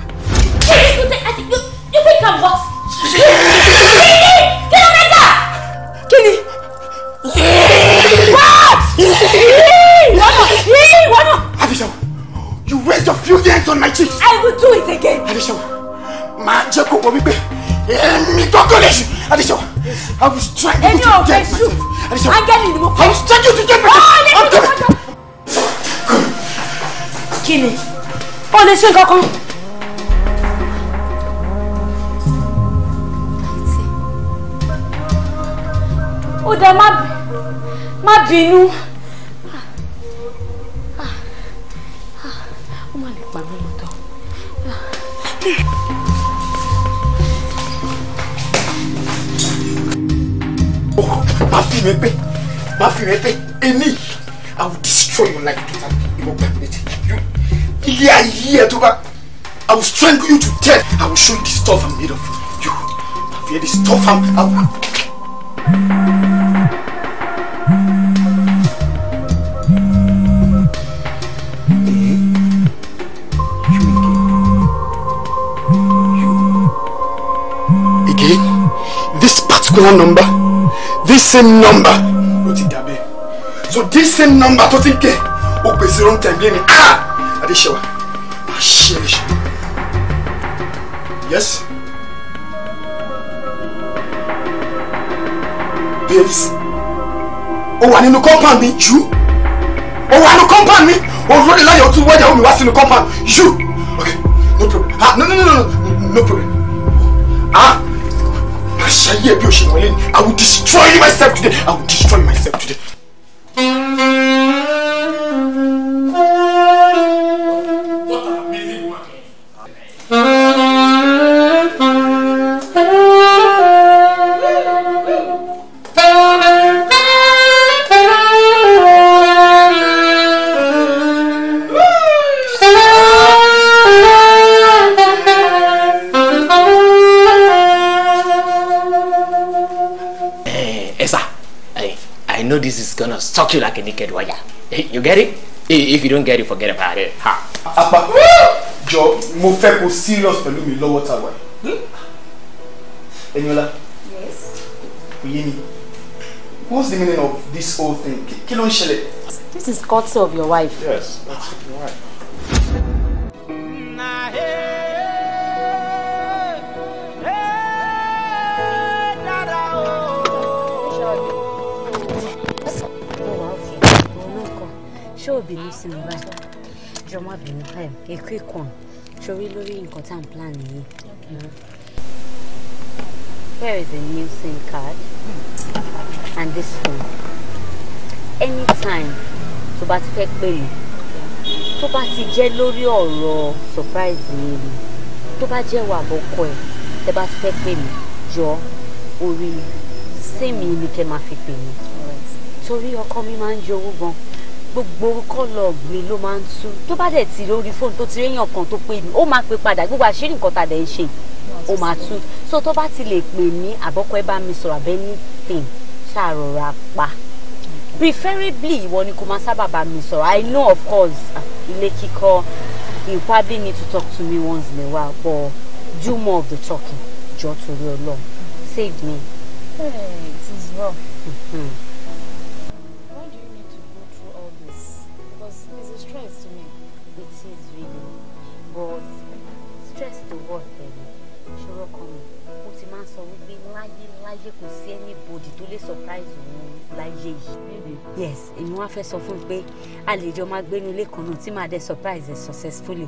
you think I'm what? kí ni kí ló dé gbà. kí ni. Abishaw, you waste your few years on my cheeks. I will do it again. Abishaw, my Jacob kó wọ me èmi gbọ́dọ̀ lè I will strike you to death myself. Abishaw, Angeli ni mo I will strike you to death Oh, I'm coming. Kí ni? O lè ṣe nǹkan kan. Ó dá má bínú ó má lè pa mí lọ́tọ̀. má fi mi pé má fi mi pé èmi I will destroy your life totally ìwọ gbàgbẹ́tì ilé ayé ẹ tó bá I will strangle you to death I will show you the stuff I'm made of you I will hear the stuff I'm. I'm... gan number this same number ló ti dà so this same number tó ti ń kẹ́ ó pèsè wrong time lé ní ah adéṣẹ́wà máa ṣe é yes babes ó wà nínú compound mi Oh, ó wà to compound mi two láyọ̀ tún wájà omi wá sínú compound you okay no problem ah no no no no no problem ah ṣayé bí o ṣe wọlé ni i will destroy you myself today i will destroy myself today. talk to you like a naked warrior. Eh, you get it? Eh, if you don't get it, forget about it. Ha. Apa, jọ mo fẹ́ kó serious pẹ̀lú mi lọ́wọ́ ta wà. Eniola. Hmm? Yes. Kò What's the meaning of this whole thing? Kí ló This is courtesy of your wife. Yes, that's your wife. bínú sí mi báyìí jọ má a quick one sórí we nǹkan tá à ń plan yìí. Here is a new SIM card and this one. Anytime tó bá ti fẹ́ pè mí tó bá ti jẹ́ lórí ọ̀rọ̀ surprise mi ni tó bá jẹ́ wà bọ́kọ ẹ̀ tẹ́ bá ti fẹ́ pè mí jọ orí síìmì ni kẹ́ máa fi pè mí torí ọkọ mi máa ń jowó gan gbogbo kọlọọg mi ló máa ń tú tó bá dẹ̀ ti lórí fóònù tó ti réyàn kan tó pè mí ó máa pè padà gbogbo àṣírí nǹkan tá ń ṣe ó máa tú so tó bá ti lè pè mí àbọ̀kọ́ ẹ bá mi sọ̀rọ̀ abẹ́ ní tèm ṣàròrà pa preferably ìwọ ni kò máa sábà bá mi sọ̀rọ̀ i know of course ilé kíkọ́ you probably need to talk to me once in a while but do more of the talking jọ torí ọlọ́run save me. Hey, it is well. Mm-hmm. pé kò sí anybody tó lè surprise òun láyé yìí. yes èmi wá fẹ́ sọ fún un pé a lè jọ máa gbénu ilé kan náà tí màá dé surprise ẹ̀ successfully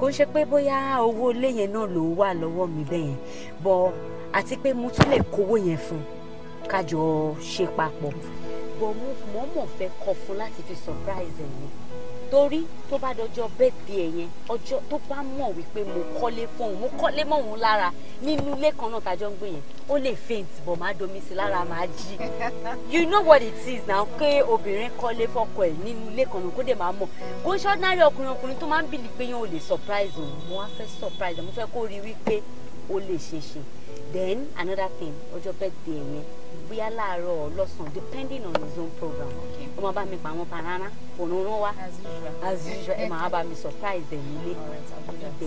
kò ń ṣe pé bóyá owó ilé yẹn náà ló wà lọ́wọ́ mi bẹ́ẹ̀ yẹn bọ́ àti pé mo tún lè kówó yẹn fún un kájọ ṣe papọ̀ bọ́ mo mọ̀ fẹ́ kọ fún láti fi surprise ẹ̀ yẹn torí tó bá dọjọ́ bẹ́ẹ̀dì ẹ̀ yẹn ọjọ́ tó bá mọ̀ wípé mo kọ́lé fún òun mo kọ́lé mọ́ òun lára nínú ilé kan náà tàjọ́ ń gbé yẹn ó lè faint bọ̀ má domi sí lára má jí you know what it is now pé obìnrin kọ́lé fọ́kọ ẹ̀ nínú ilé kan náà kó dẹ̀ máa mọ̀ kó ọkùnrin ọkùnrin tó máa ń bìlì pé yẹn ò lè surprise òun mo wá fẹ́ surprise mo fẹ́ kó rí wípé ó lè ṣeé ṣe then another thing ọjọ́ birthday yẹn bóyá láàárọ̀ lọ́sàn depending on his own program ó máa bá mi pa àwọn banana òun rán wá as usual ẹ máa bá mi surprise ẹ̀ nílé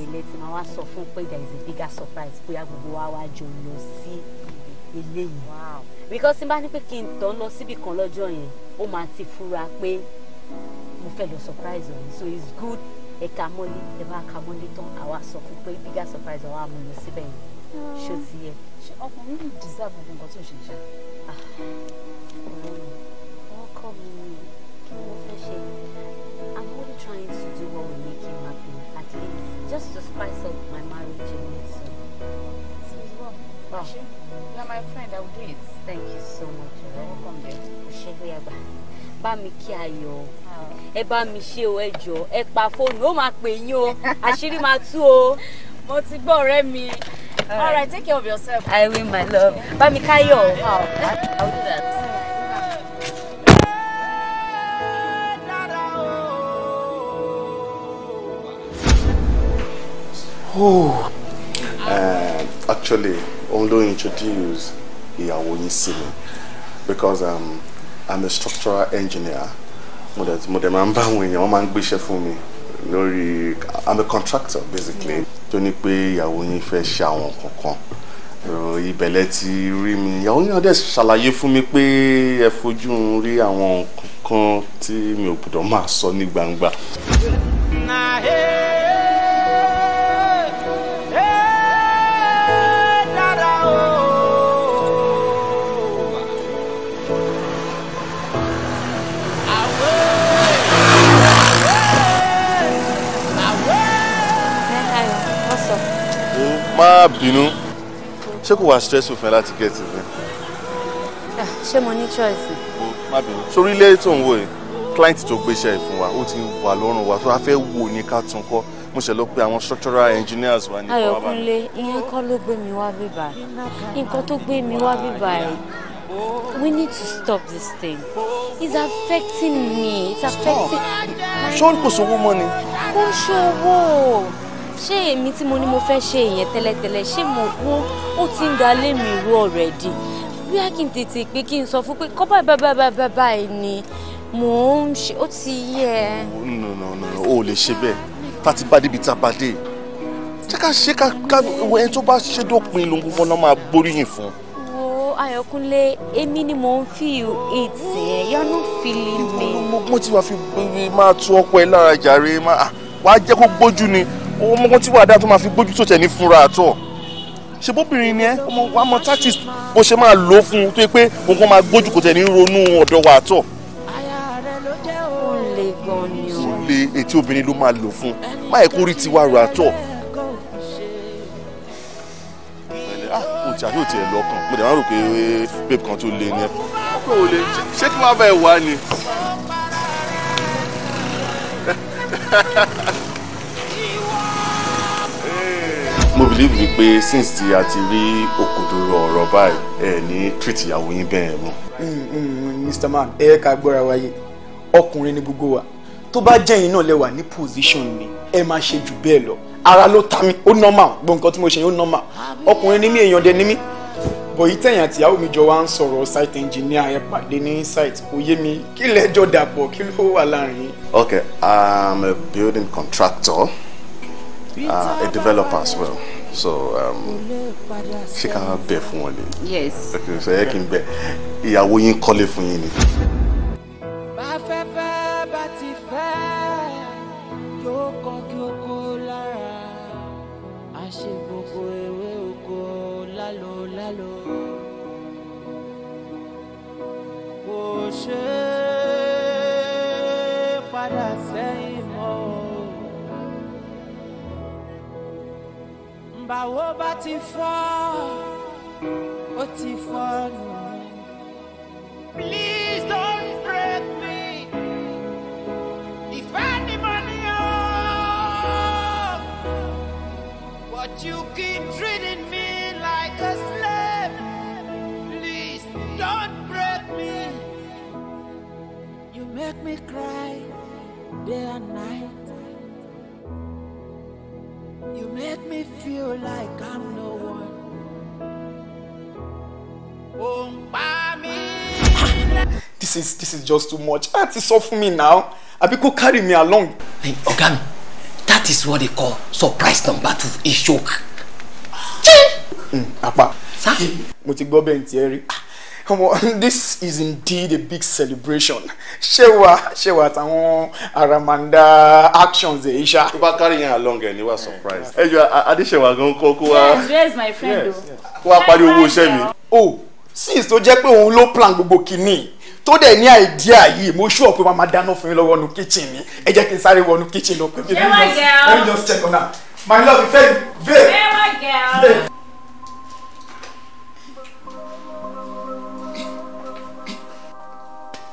ibẹ̀ tí máa wá sọ fún pé there is a bigger surprise bóyá gbogbo wa wá jọ lọ sí ilé yìí because tí n bá ní pé kí n tọ́ lọ síbì kan lọ́jọ́ yẹn ó máa ti fura pé mo fẹ́ lọ surprise òun so it's good ẹ̀ka mọ́lé ẹ̀ bá ka mọ́lé tán àwa sọ fún pé bigger surprise àwa mú lọ síbẹ̀ yẹn ṣe ti yẹ ṣe ọkùnrin ní dìsáàbù gbogbo nǹkan tó ṣe ṣe. wọ́n ah. kọ́ mi kí mo fẹ́ ṣe I'm only trying to do what will make him happy at least just to spice up my marriage a little. Oh. You are my friend, I will do it. Thank you so much. You're welcome there. Oṣèlú Ẹ̀bà, bá mi kí ayọ̀. Ah. Ẹ bá mi ṣe o ẹ jọ̀ọ́, ẹ pa fóònù, ó máa pè yín o, àṣírí máa tú o. Mo ti gbọ́ ọ̀rẹ́ mi. All right, take care of yourself. I will, my love. Bá Mikayo. How? I'll do that. Oh, uh, actually, òun ló introduce ìyàwó yín sí because um, I'm a structural engineer. Mo dẹ̀ máa ń bá àwọn for me lórí i'm a contractor basically tó ní pé ìyàwó yín fẹ́ ṣe àwọn kankan ìbẹ̀lẹ̀ ti rí mi ìyàwó yín náà dẹ̀ ṣàlàyé fún mi pé ẹ fojú ń rí àwọn kankan tí mi ò gbọ́dọ̀ máa sọ ní gbangba. má bínú ṣé kò wá stressful fún ẹ láti get it ni. Ah, ṣé mo ní choice. má bínú sórí ilé tó ń wò yìí client tó gbéṣẹ́ ẹ̀ fún wa ó ti wà lọ́rùn wa tó a fẹ́ wò ní ká tún kọ́ mo ṣe lọ pé àwọn structural engineers wa ní kọ́ ìyẹn kọ́ ló gbé mi wá bíbá nǹkan tó gbé mi wá bíbá ẹ̀ we need to stop this thing it's affecting me it's affecting. ṣọ́ọ́nù kò sówó mọ́ ni. kò ṣòwò ṣé èmi tí mo ní mo fẹ́ ṣe ìyẹn tẹ́lẹ̀tẹ́lẹ̀ ṣé mo wo ó ti ń ga lé mi ru already bí a kì í tètè pé kí n sọ fún pé kọ́ báyìí báyìí báyìí báyìí ni mò ń ṣe ó ti yẹ. no no no o ò lè ṣe bẹ́ẹ̀ tá a ti bá débi tá a bá dé jẹ́ ká ṣe ká ẹni tó bá ṣe dópin ló ń gbọ́ náà máa gbóríyìn fún. wo Ayọ̀kúnlé èmi ni mò ń feel it yẹn you are not feeling me. mo ti wá fi máa tu ọkọ ẹ lára jàre máa wàá jẹ́ kó gbójú ni ọmọ tí wàá dá tó máa fi gbójú tó ní fúnra àtọ̀ ṣe bóbìnrin ni ẹ ọmọ wa mọ tactics bó ṣe máa lò fún un tó yẹ pé òun máa gbójú kò ní ronú ọ̀dọ̀ wa àtọ̀. aya rẹ ló jẹ́ òǹlé gan ni o. òǹlé etí obìnrin ló máa lò fún un má yẹ kó rí tiwa rò àtọ̀. ah o ti àbí o tiẹ̀ mo dẹ̀ máa rò pé babe kan tó lé ni ẹ. ọkọ ò lè ṣé kí wọn bá ẹ wá ni. mo believe wípé since tí a ti rí òkòdoro ọ̀rọ̀ báyìí ẹ ní treat ìyàwó yín bẹ́ẹ̀ mọ́. mr mm, mm, mm, man ẹ ká gbọ́ra wáyé ọkùnrin ni gbogbo wa tó bá jẹ́ náà lẹ ní position ni ẹ máa ṣe jù bẹ́ẹ̀ lọ ara ló ta mi ó normal gbọ́ nǹkan tí mo ṣe yín ó normal ọkùnrin ni mí èèyàn dẹ ni mí bọ̀yì tẹ̀yìn àtìyàwó mi jọ wá ń sọ̀rọ̀ site engineer ẹ pàdé ní site kò yé mi kí lẹ́jọ́ dàpọ̀ kí ló wà láàrin. okay i'm a building contractor uh, a developer as well. So um, can have bẹ̀ for one day. Yes. Okay, so I can n bẹ̀ ìyàwó yín kọ́lé fún yín ni. Bá fẹ́ fẹ́ bá báwo bá ti fọ́ ó ti fọ́ nù. Please don't break me. If any money up, but you keep treating me like a slave. Please don't break me. You make me cry day and night. You make me feel like I'm no one. This is this is just too much. Auntie, sọ me now. Abiko, carry me along. Hey, Ọ̀gá that is what they call surprise number two, a shock. Chee! Mm, apa. Sir? Mo ti gbọ́ this is indeed a big celebration ṣé wà ṣé wà àtàwọn àràmàǹdà actions ẹ̀ ṣá. tó bá carry yẹn along ẹ̀ ní wà surprise. ẹ jọ adéṣèwà gan kọ kó wa. where is my friend o. kó wa parí owó iṣẹ́ mi. o oh, since tó jẹ́ pé òun ló plan gbogbo kìíní tó dẹ̀ ní àìdíà yìí mo ṣú ọ̀pẹ máa dáná fún yín lọ́wọ́ nu kitchen ni ẹ jẹ́ kí n sáré wọnú kitchen lọ pẹ̀lú. ṣé wà gẹ̀ let me just check on am my love ìfẹ́ mi babe. ṣé wà gẹ̀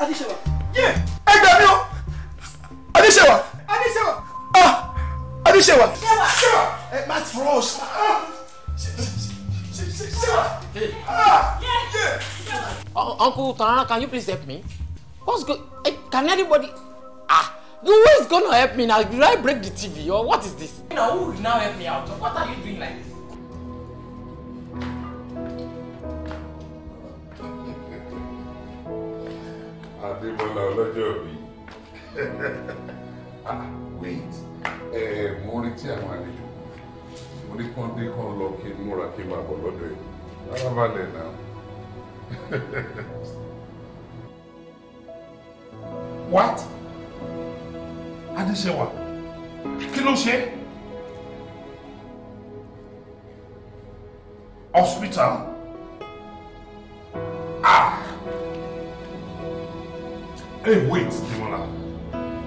Adéṣewà. Yé! Ẹ gbà mí Ah! Adéṣewà. Ṣéwà. Ṣéwà. Ẹ má ah! Uncle Tanara, can you please help me? What's go? Hey, eh, can anybody? Ah! who way is gonna help me now. Did I break the TV or what is this? Now who will now help me out? What are you doing like this? Adébọ́lá ọlọ́jọ́ bí. Ah, wait, ẹ ẹ mo rí tí àwọn àlejò mo rí kán dé kán lọ kí n múra kí n máa bọ̀ lọ́dọ̀ ẹ̀. Rárá balẹ̀ náà. What? Adéṣẹ́wà, kí ló ṣe? Hospital? hey wait Dèmọ́lá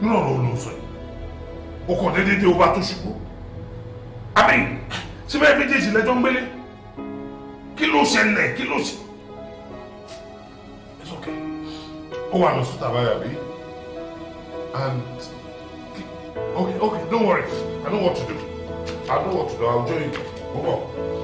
nínú ọ̀rọ̀ olóòsàn yìí o kàn déédéé dé o bá tó ṣubú àmín ṣé bẹ́ẹ̀ méjèèjì lẹ́jọ́ ń gbélé kí ló ṣẹlẹ̀ kí ló ṣe it's okay ó wà lọ sùn tàbáyà bí and okay okay don't worry I know what to do I know what to do I'll join you.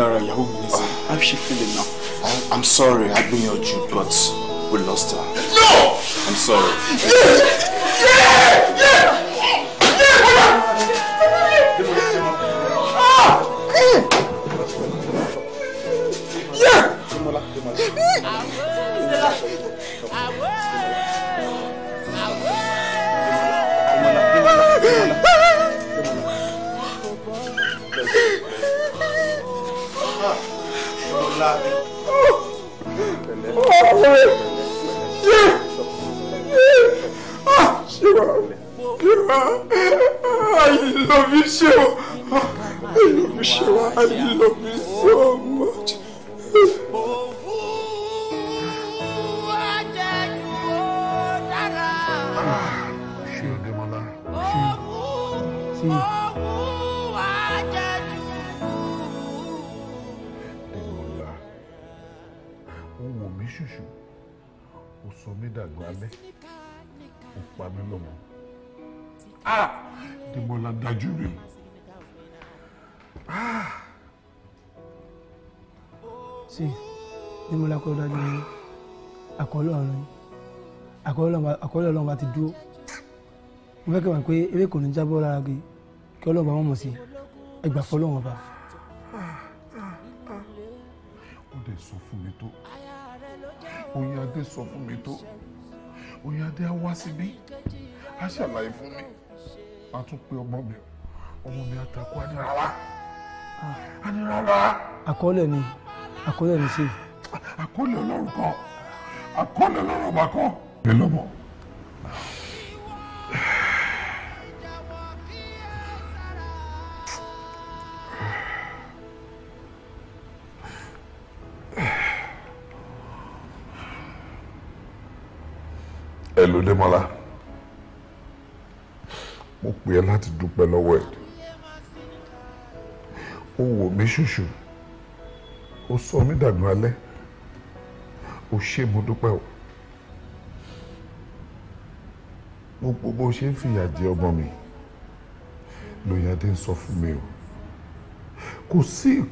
lára ìyàwó mi nísìn ah, how she feeling now. I, ah, I'm sorry, I've been your gbìyànjú but we lost her. No! I'm sorry. pé àkọọ́lẹ̀ ọ̀run yìí àkọọ́lẹ̀ ọlọ́run bá ti dúró mo fẹ́ kẹ́ wọ́n pé eré kò ní jábọ́ lára gbé kí ọlọ́run bá wọ́n mọ̀ sí ẹgbà fọ́ ọlọ́run ọba. ó dẹ̀ sọ fún mi tó oyin adé sọ fún mi tó oyin adé á wá síbí á ṣàlàyé fún mi á tún pe ọmọ mi ọmọ mi àtàkùn á ní rárá á ní rárá. àkọọ́lẹ̀ ni àkọọ́lẹ̀ ni ṣe yìí àkọlé ọlọ́run kan àkọlé ọlọ́run ọba kan lè lọ́mọ. ẹ ló dé mọ́lá mo pè é láti dúpẹ́ lọ́wọ́ ẹ̀ ó wò mí ṣùṣù ó sọ mí dàgbọ́n alẹ́ o ṣé mo dúpẹ́ o gbogbo bó ṣe ń fìyà jẹ ọmọ mi lóyún adé ń sọ fún mi o kò sí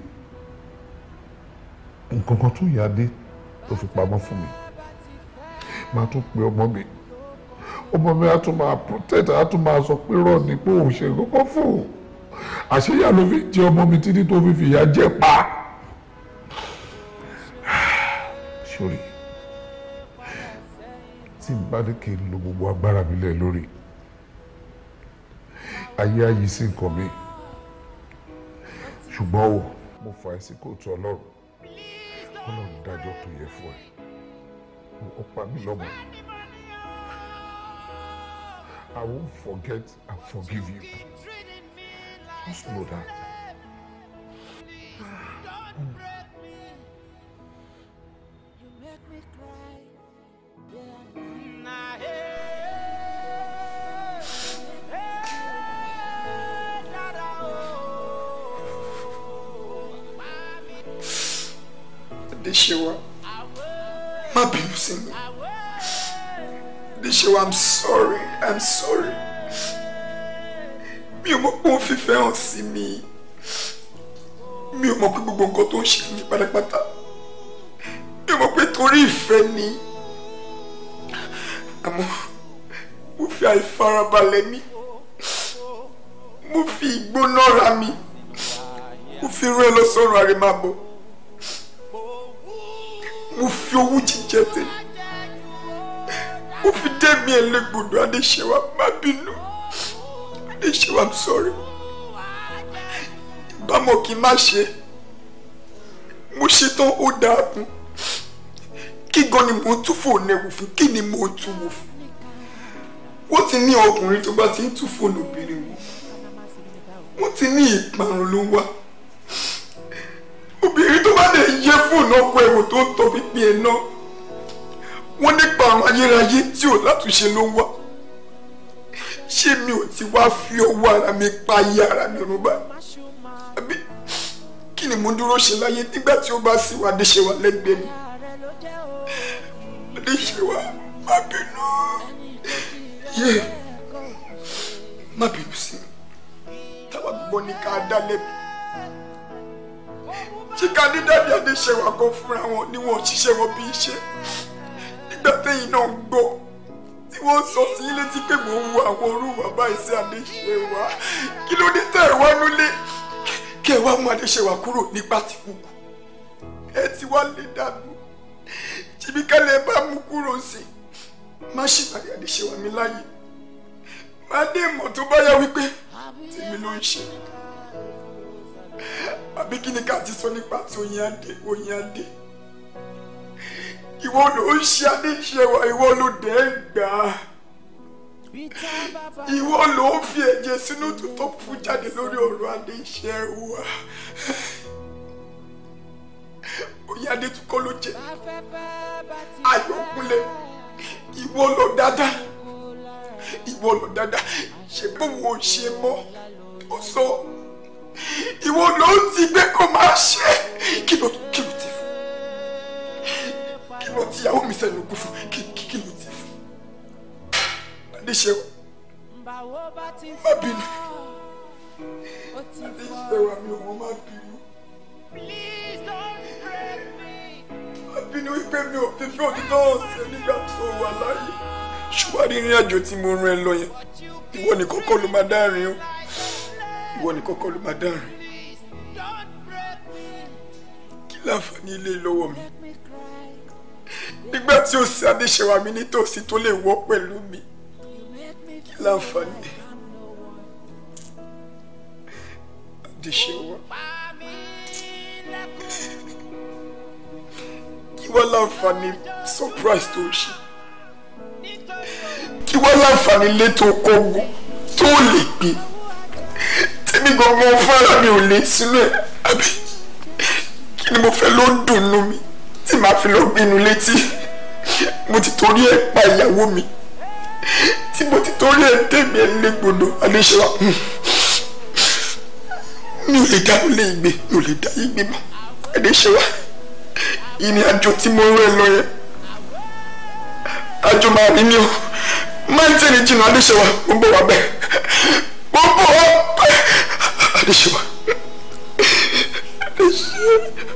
nǹkan kan tó yà dé tó fi pamọ́ fún mi màá tún pe ọmọ mi ọmọ mi á tún máa protect á tún máa sọ pé rọ ni pé òun ṣe kọ́kọ́ fún un àṣeyà ló fi jẹ ọmọ mi títí tó fi fìyà jẹ pa sórí bá ní kí n lo gbogbo agbára mi lẹ̀ lórí ayé ayé sí nǹkan mi ṣùgbọ́n o mo fà ẹ́ sí kóòtù ọlọ́run ọlọ́run dájọ́ tó yẹ fún ẹ ó pa mí lọ́mọ I won't forget and forgive you just know that. ṣe wa i'm sorry i'm sorry mi ò mọ̀ pé wọ́n fífẹ́ hàn sí mi mi ò mọ̀ pé gbogbo nǹkan tó ń ṣe fún mi pátápátá mi ò mọ̀ pé torí ìfẹ́ ni àmọ́ mo fi àìfarabalẹ̀ mi mo fi ìgbónára mi mo fi irú ẹ lọ sọ́run àrèmábọ̀ mo fi owó jíjẹ tèmi ó fi dẹ́mi ẹlẹ́gbọ̀dọ̀ adéṣẹ́wà má bínú adéṣẹ́wà I'm sorry ìbámu kì í má ṣe mo ṣetán ó dáa kún kí gan ni mò ń tún fóònù ẹ̀wò fún ni mò ń tún wò fún wọ́n ti ní ọkùnrin tó bá ti ń tún fóònù obìnrin wò wọ́n ti ní ìparun ló wá obìnrin tó bá dẹ̀ yẹ fóònù ọkọ ẹ̀wò tó ń tọ́ pínpín ẹ̀ náà wọ́n nípa àrùn ayérayé tí ò látúnṣe ló ń wá ṣé mi ò ti wá fi ọwọ́ ara mi pa ayé ara mi rún bá àbí kí ni mo dúró ṣe láyé nígbà tí ó bá sì wá adéṣewà lẹ́gbẹ̀ẹ́ mi adéṣewà má bínú yé má bínú sí mi táwa gbọ́ ni ká dá lẹ́bi ṣé ká ní dáadé adéṣewà kan fúnra wọn ni wọn ò ṣiṣẹ́ wọn bí iṣẹ́ nígbà téyìn náà ń gbọ́ tí wọ́n sọ sí ilé tí pé mò ń wo àwọn orúwà báyìí sí adéṣe wa kí ló dé tẹ́ ẹ wá nílé kí ẹ wá mú adéṣe wa kúrò nípa tí kúkú ẹ ti wá lé dànù ṣíbí kálẹ̀ bá mú kúrò sí má ṣì bàyà adéṣe wa mi láàyè má dé ìmọ̀ tó bá yá wípé tèmi ló ń ṣe àbí kí ni ká ti sọ nípa tí oyin adé oyin adé ìwọ ló ń ṣe àníṣe wa ìwọ ló dẹ̀ ń gbà á ìwọ ló ń fi ẹ̀jẹ̀ sínú tó fún jáde lórí ọ̀rọ̀ àníṣe wa bóyá adétúkọ́ ló jẹ ayọ̀kúnlẹ̀ ìwọ ló dáadáa ìwọ ló dáadáa ṣe bó wo ṣe mọ́ ó sọ ìwọ ló ń ti gbé kó máa ṣe kí ló kí ló ti kí ló ti ìyàwó mi sẹ́nu kú fún kí kí ló ti fún adéṣẹ́wà má bínú adéṣẹ́wà mi ò mọ má bínú má bínú wípé mi ò fi fi òtítọ́ ọ̀sẹ̀ nígbà tó wà láàyè ṣùgbọ́n rírìn àjò tí mo rán lọ yẹn ìwọ ni kọ́kọ́ ló máa dárin o ìwọ ni kọ́kọ́ ló máa dárin kí láǹfààní ilé lọ́wọ́ mi nígbà tí ó sì adéṣèwà mi nítòsí tó lè wọ́ pẹ̀lú mi kí láǹfààní adéṣèwà kí wọ́n láǹfààní surprise tó ṣe kí wọ́n láǹfààní létò kóńgò tó lè gbé tèmi gbọ̀ngàn fún ara mi ò lè sílẹ̀ àbí kí ni mo fẹ́ ló ń dùnnú mi tí màá fi lọ gbénu létí mo ti torí ẹ̀ pa ìyàwó mi tí mo ti torí ẹ̀ tẹ̀mí ẹ̀ légbodò adéṣẹ́wà mi ò lè dá ilé ìgbé mi ò lè dá ìgbé mọ́ adéṣẹ́wà ìrìn àjò tí mo rẹ̀ lọ yẹn àjò máa rí ni o máa ń tẹ̀lé jìnnà adéṣẹ́wà mo bọ̀ wá bẹ́ẹ̀ mo bọ̀ wá bẹ́ẹ̀ adéṣẹ́wà adéṣẹ́wà.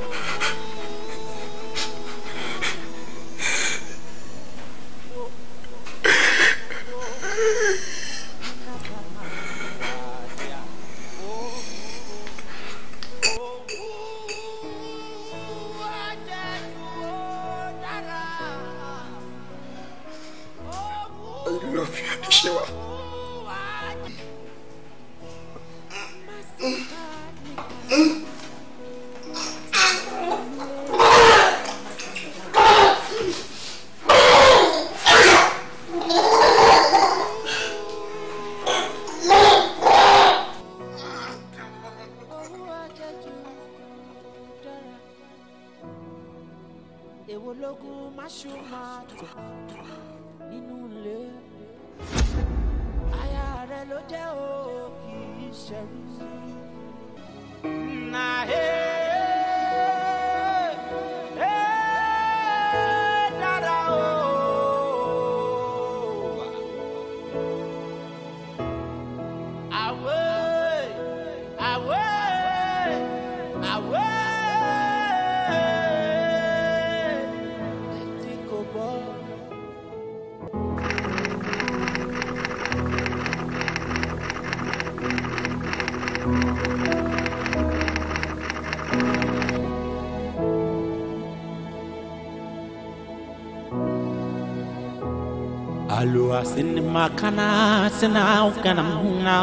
ma kana sna kana na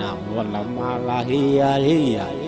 na wala mala hiya hiya